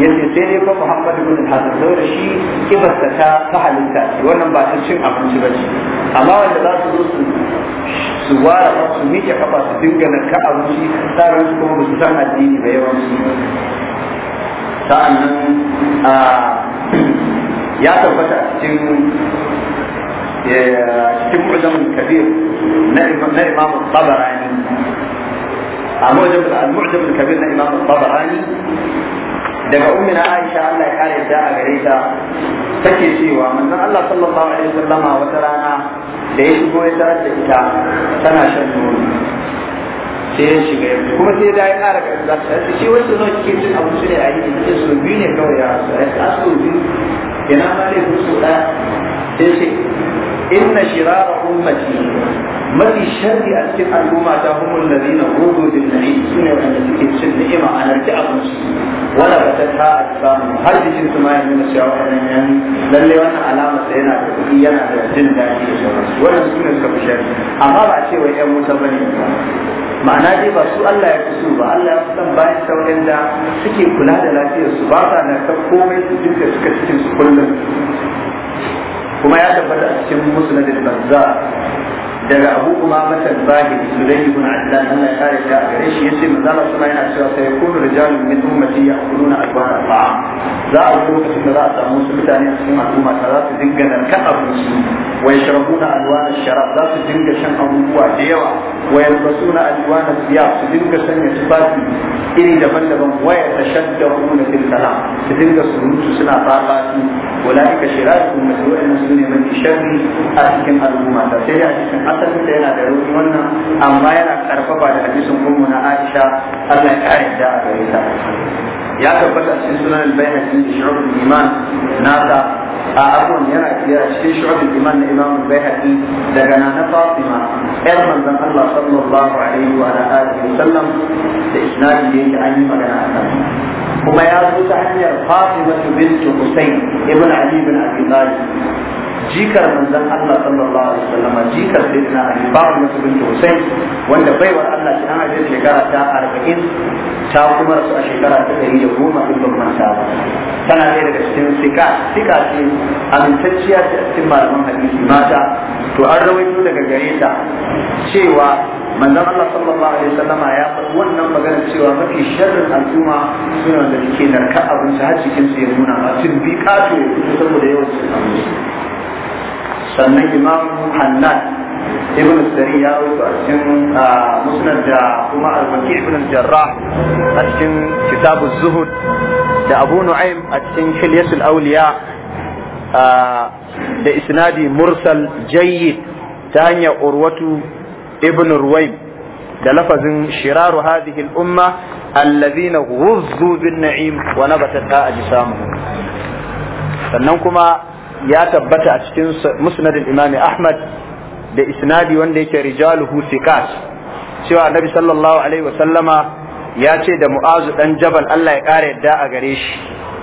yace sai dai fa Muhammad ibn Hasan da shi kibarsa ta ta halitta wannan ba ta cin abinci ba ce amma wanda za su zo su su wara su miƙe kafa su dinga ka ka'a wuce tsarin su kuma su san addini da yawan su sa'annan a ya tabbata a cikin cikin mu'jamul kabir na imam tabarani a mu'jamul kabir na imam tabarani daga ummina Aisha Allah ya kare ta a gare ta take cewa manzon Allah sallallahu alaihi wasallama wata rana da ya shigo ya tarar da ita tana shan nono sai ya shiga yanzu kuma sai da ya ƙara ka za ta ce wanda zo cikin cin abinci ne a yi da kike so biyu ne kawai ya rasu ya ta so biyu yana ma ne so ɗaya sai ce inna shirara ummati mafi sharri a cikin al'umma ta humul ladina hudu bil su ne wanda suke cin ni'ima a narki abinci wala ba ta asbamu har jikin su ma na cewa wannan yan lalle wannan alama sai yana da kuɗi yana da jin daɗi da sauransu wannan ne suka fi sharri amma ba a ce wai yan wuta ne ma'ana dai ba su Allah ya fi su ba Allah ya fi san bayan sauran da suke kula da lafiyar su ba sa na ta komai su duka suka cikin su kullum kuma ya tabbata a cikin musnadul banza daga abu kuma matan bahi su dai ibn adlan Allah ya kare shi a gare shi yace manzo Allah kuma yana cewa sai kullu rijalun min ummati ya'kuluna alwan al-ta'am za a zo lokacin da za a samu su mutane a cikin al'umma ta za su dinga narka abinci wa yashrabuna alwan ash-sharab za su dinga shan abubuwa da yawa wa yalbasuna alwan as-siyab su dinga sanya tufafi iri daban-daban wa yatashaddauna تلك الصنوس سبع طاقات اولئك شراز من مسلوع المسلمين من الشر اتكم ادوما تسيري اتكم اتكم تينا دروس منا ام اكثر فبا لحديث امنا عائشة ارنا كاري جاء كريتا يا تبقى السنسلان البيان من شعور الإيمان ناسا أقول يا يا شعور الإيمان الإمام البيهقي دعنا نفاطمة أيضا من الله صلى الله عليه وعلى وسلم لإسناد جيد أي مكان أكثر kuma ya zo ta hanyar Fatima bint Husayn ibn Ali bin Abi Talib jikar manzon Allah sallallahu alaihi wasallam jikar sayyidina Ali Fatima bint Husayn wanda baiwar Allah ta hana shekara ta 40 ta kuma rasu a shekara ta 110 in ban manta ba tana ɗaya daga cikin sika sika ce amintacciya ce a cikin malaman hadisi mata to an rawaito daga gare ta cewa manzon Allah sallallahu alaihi wasallama ya faɗi wannan magana cewa mafi sharrin al'umma suna da suke narka abinci har cikin su ya nuna ba tun bi kato saboda yawan cin abinci sannan imam hannan ibn sari ya rawaito a cikin musnad da kuma al ibn al a cikin kitab zuhud da abu nu'aym a cikin hilyatul awliya da isnadi mursal jayyid ta hanyar urwatu ibn ruwaym da lafazin shiraru hadhihi al-umma alladhina ghuzzu na'im wa nabatat ajsamu sannan kuma ya tabbata a cikin musnadin al ahmad da isnadi wanda yake rijaluhu sikas cewa annabi sallallahu alaihi wa sallama ya ce da mu'azu dan jabal Allah ya kare yadda a gare shi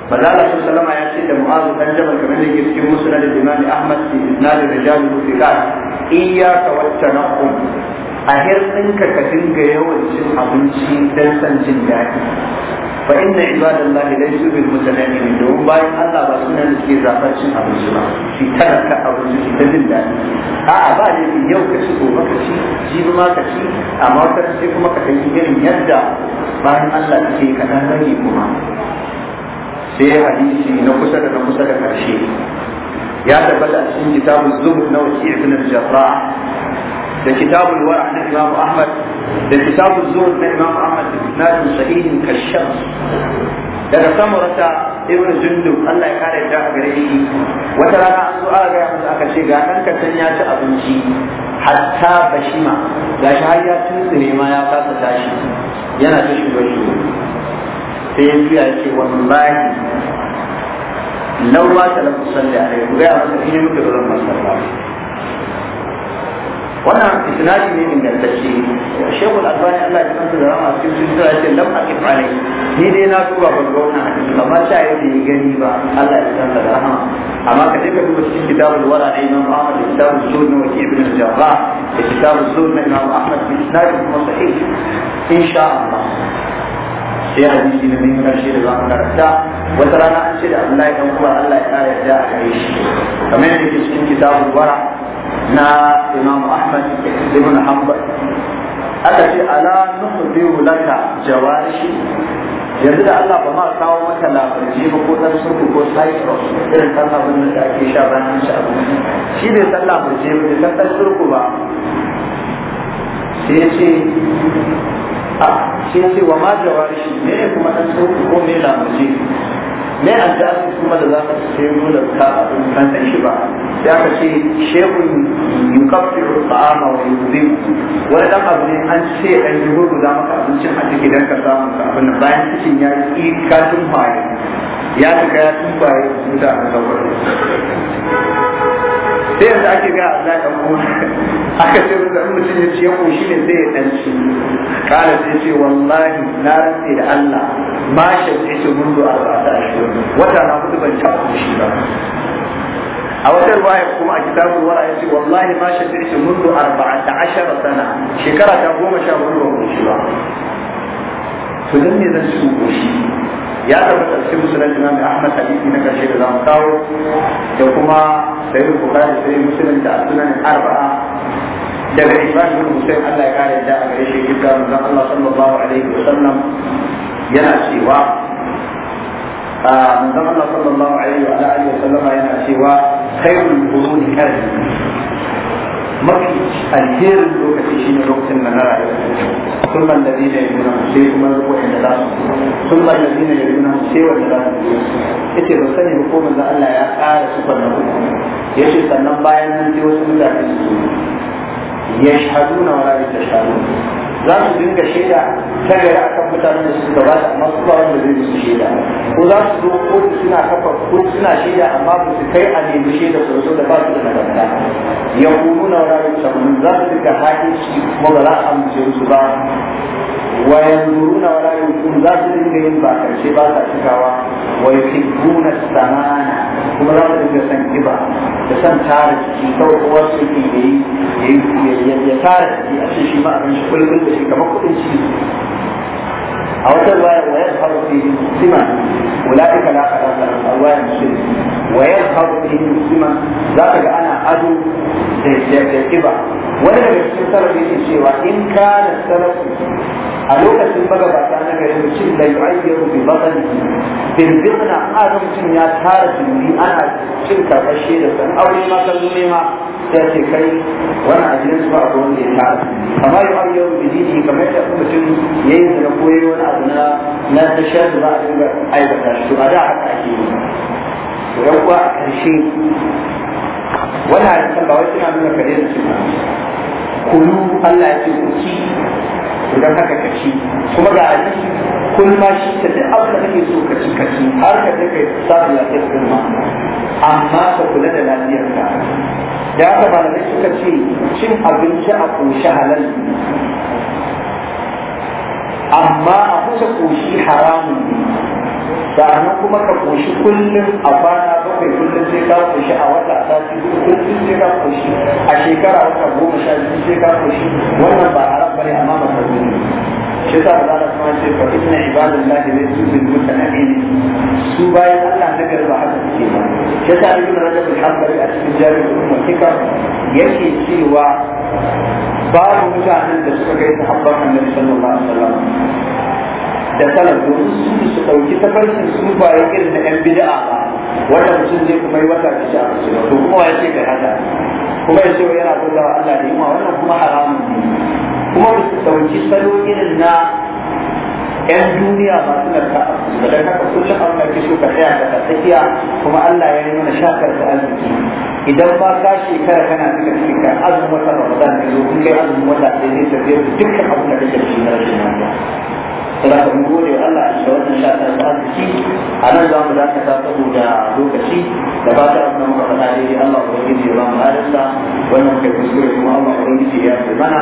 manzala sallama ya ce da mu'azu dan jabal kamar da cikin musnad imam ahmad fi isnad rijaluhu siqat iyyaka a hirɗinka ka dinga yawan cin abinci don san jin daɗi fa inna ibadallahi laysu bil mutana'imin domin bayan Allah ba suna da suke zaɓar cin abinci ba shi talaka abinci shi ta jin daɗi a'a ba ne yau ka ci gobe ka ci jibi ma ka ci amma wata sai kuma ka ɗauki irin yadda bayan Allah ke ka ɗan rage kuma sai hadisi na kusa da na kusa da ƙarshe ya tabbata a cikin kitabun zuhur na wasi ibn al-jarrah da kitabul wara na Imam Ahmad da kitabul zuhud na Imam Ahmad da isnadin sahihin kashaf daga samarata ibn jundub Allah ya kare ta a gare shi wata rana an zo aka gaya musu aka ce ga dan kacan ya ci abinci hatta bashima ga shi har ya tuntsire ma ya kasa tashi yana ta shigo shigo sai ya juya ya ce wallahi lau ma ta lafi salli a rai ku gaya masa in yi muke ba zan masa ba wannan isnadi ne ingantacce al albani Allah ya san su da rama cikin sun ya ce lam aqif alai ni dai na tura ban ga wannan hadisi amma sha yi bai gani ba Allah ya san da rama amma ka je ka duba cikin kitabul wara da Imam Ahmad da kitabul sunna wa ibn al-Jarrah da kitabul sunna Imam Ahmad bi isnadi kuma sahih insha Allah sai hadisi na min karshe da zamu karanta wata rana an ce da Abdullahi dan kuma Allah ya kare da a gare shi kamar yadda cikin kitabul wara na imam ahmad ibn hanbal aka ce ala nuhbiru laka jawarishi yanzu da Allah ba ma kawo maka labarji ba ko dan surku ko cyprus irin kan abin da ake sha bayan shi abu shi bai san labarji ba bai san dan surku ba sai ce a ah, sai ce wa ma jawarishi ne kuma dan surku ko me labarji me addu'a kuma da za ka ce nuna ka abin kan shi ba sai aka ce shehu yukaffiru ta'ama wa yuzim wani dan abu ne an ce an yi gudu da maka abincin a cikin dan ka samu ka abin bayan cikin ya yi katun haye ya tuka ya tumbaye mutane saboda sai yanzu ake ga Allah ya kuma aka ce da mutum ya ce ya koshi ne zai dan ci kala sai ce wallahi na rantse da Allah ma shafi su mundu a rata wata na mutu ban ta koshi ba a wata ruwaya kuma a kitabul wara ya ce wallahi ma shafi su mundu arba'ata ashara sana shekara ta goma sha hudu ban koshi ba to dan ne zan ci koshi ya tabbata cikin musulun imam ahmad hadisi na karshe da za mu kawo da kuma sayyid bukhari sayyid musulun da sunan arba'a daga imam ibn husayn Allah ya kare da a gare shi kika manzon Allah sallallahu alaihi wasallam yana cewa manzon Allah sallallahu alaihi wa alihi yana cewa khairul quruni karni mafi alherin lokaci shi ne lokacin da na rayu sun ban da zina ya nuna sai kuma zuwa inda za su sun ban da zina ya nuna sai wanda za su ya ce ban sani ko manzo Allah ya ƙara su ban da ya ce sannan bayan nan sai wasu mutane su yashhaduna wa la yashhadun za su dinga shaida ta gari akan mutane da suka ba amma su ba wanda zai musu shaida ko za su zo ko suna kafa ko suna shaida amma ba su kai a nemi shaida su da ba su da nagarta ya kuma na wuraren sabbin za su dinga haƙi shi kuma ba za a amince su ba Wayan yanzuruna wala yusirun za su dinga yin ba karshe ba sa cikawa wa yuhibbuna samana kuma za su dinga san kiba da san tara jiki kawai kuma su ke da yi ya tara jiki a shi shi ma abin shi kulkul da shi kamar kuɗin ciki a wata ruwaya wa yazhar fi sima ulaika la a lahum alwaya mushrik wa yazhar fi sima za ka ga ana ado da kiba wani daga cikin sarrafa yake cewa in da salafu a lokacin magabata na gari mutum da yi ayyar bi bazali birbir na ƙarin mutum ya tara jimbi ana cin karfashe da san aure ma kan zo ma. ya ce kai wani ajiyar su ba a wanda ya tara kamar yi ayyar bi didi kamar da mutum ya yi zina ko ya wani abu na na tashar da za a dinga aikata shi to a da haka ake yi. Yan uwa a ƙarshe wannan hadisan ba wai suna nuna kare da suna kulu Allah ya ce ku ci idan haka ka ci kuma ga hadisi kun ma shi ta duk abu da kake so ka ci ka ci har ka je ka lafiyar girma amma ka kula da lafiyar ka da haka malamai suka ce cin abinci a koshi halal amma a kusa koshi haramun ne sannan kuma ka koshi kullum a kwana bakwai kullum sai ka koshi a wata sati kullum sai ka koshi a shekara wata goma sha biyu sai ka koshi wannan ba a bane amma makarbi ne shi sa Allah da kuma ce fa inna ibadallahi la na mutanahin su bayan Allah na garba haka suke ba shi sa ibn rajab al-hanbali a cikin jami'ul kuma kika yake cewa babu mutanen da suka kai sahabban annabi sallallahu alaihi wasallam da salaf domin su su ɗauki tafarki su ba ya irin na 'yan bida'a ba wanda mutum zai kuma yi wata kici a ba to kuma ya ce kai haka kuma ya ce yana bauta wa Allah da yunwa wannan kuma haramun ne kuma su ɗauki salo irin na 'yan duniya masu narka a su ba da haka kullum an ɗauki su ka tsaya daga tsakiya kuma Allah ya yi mana shakar da arziki idan ba ka shekara kana duka cikin kan azumin wata Ramadan ne zo kun kai azumin wata sai zai tafiyar dukkan abin da kake da shi na rashin lafiya kuma ka gode wa Allah da wannan sha ta ta a nan za mu dakata saboda lokaci da ba ta abin da muka faɗa dai Allah ubangiji ya ba mu halinsa wannan kai kuskure kuma Allah ubangiji ya ce mana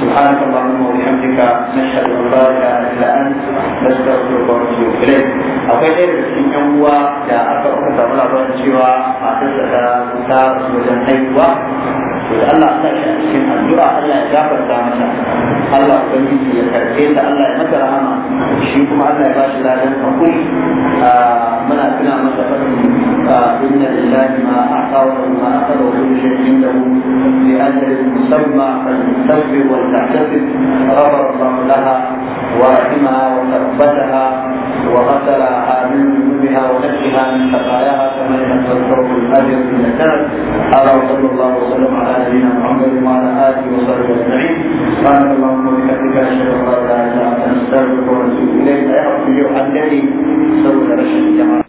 subhanaka allahumma wa bihamdika nashhadu an la ilaha illa anta nastaghfiruka wa natubu ilayk akwai ɗaya daga cikin yan uwa da aka aka samu labarin cewa matarsa ta ta wajen haihuwa da Allah ta shi a cikin addu'a Allah ya gafarta masa Allah ubangiji ya karbe ta Allah ya mata rahama shi kuma Allah ya bashi ladan hakuri muna tuna masa fadin inna lillahi ma a'tawa wa ma akhadha wa kullu shay'in indahu bi ajalin musamma fatasbir wa tahtasib ghafara Allah laha wa rahimaha wa tabbataha wa qatalaha min ذنوبها ونفسها من خطاياها كما ينقل الثوب الاجر من الناس هذا وصلى الله وسلم على نبينا محمد وعلى اله وصحبه اجمعين سبحانك اللهم وبحمدك اشهد ان لا اله الا انت استغفرك ونتوب إليك يا ربي يؤمنني سوء رشد الجماعة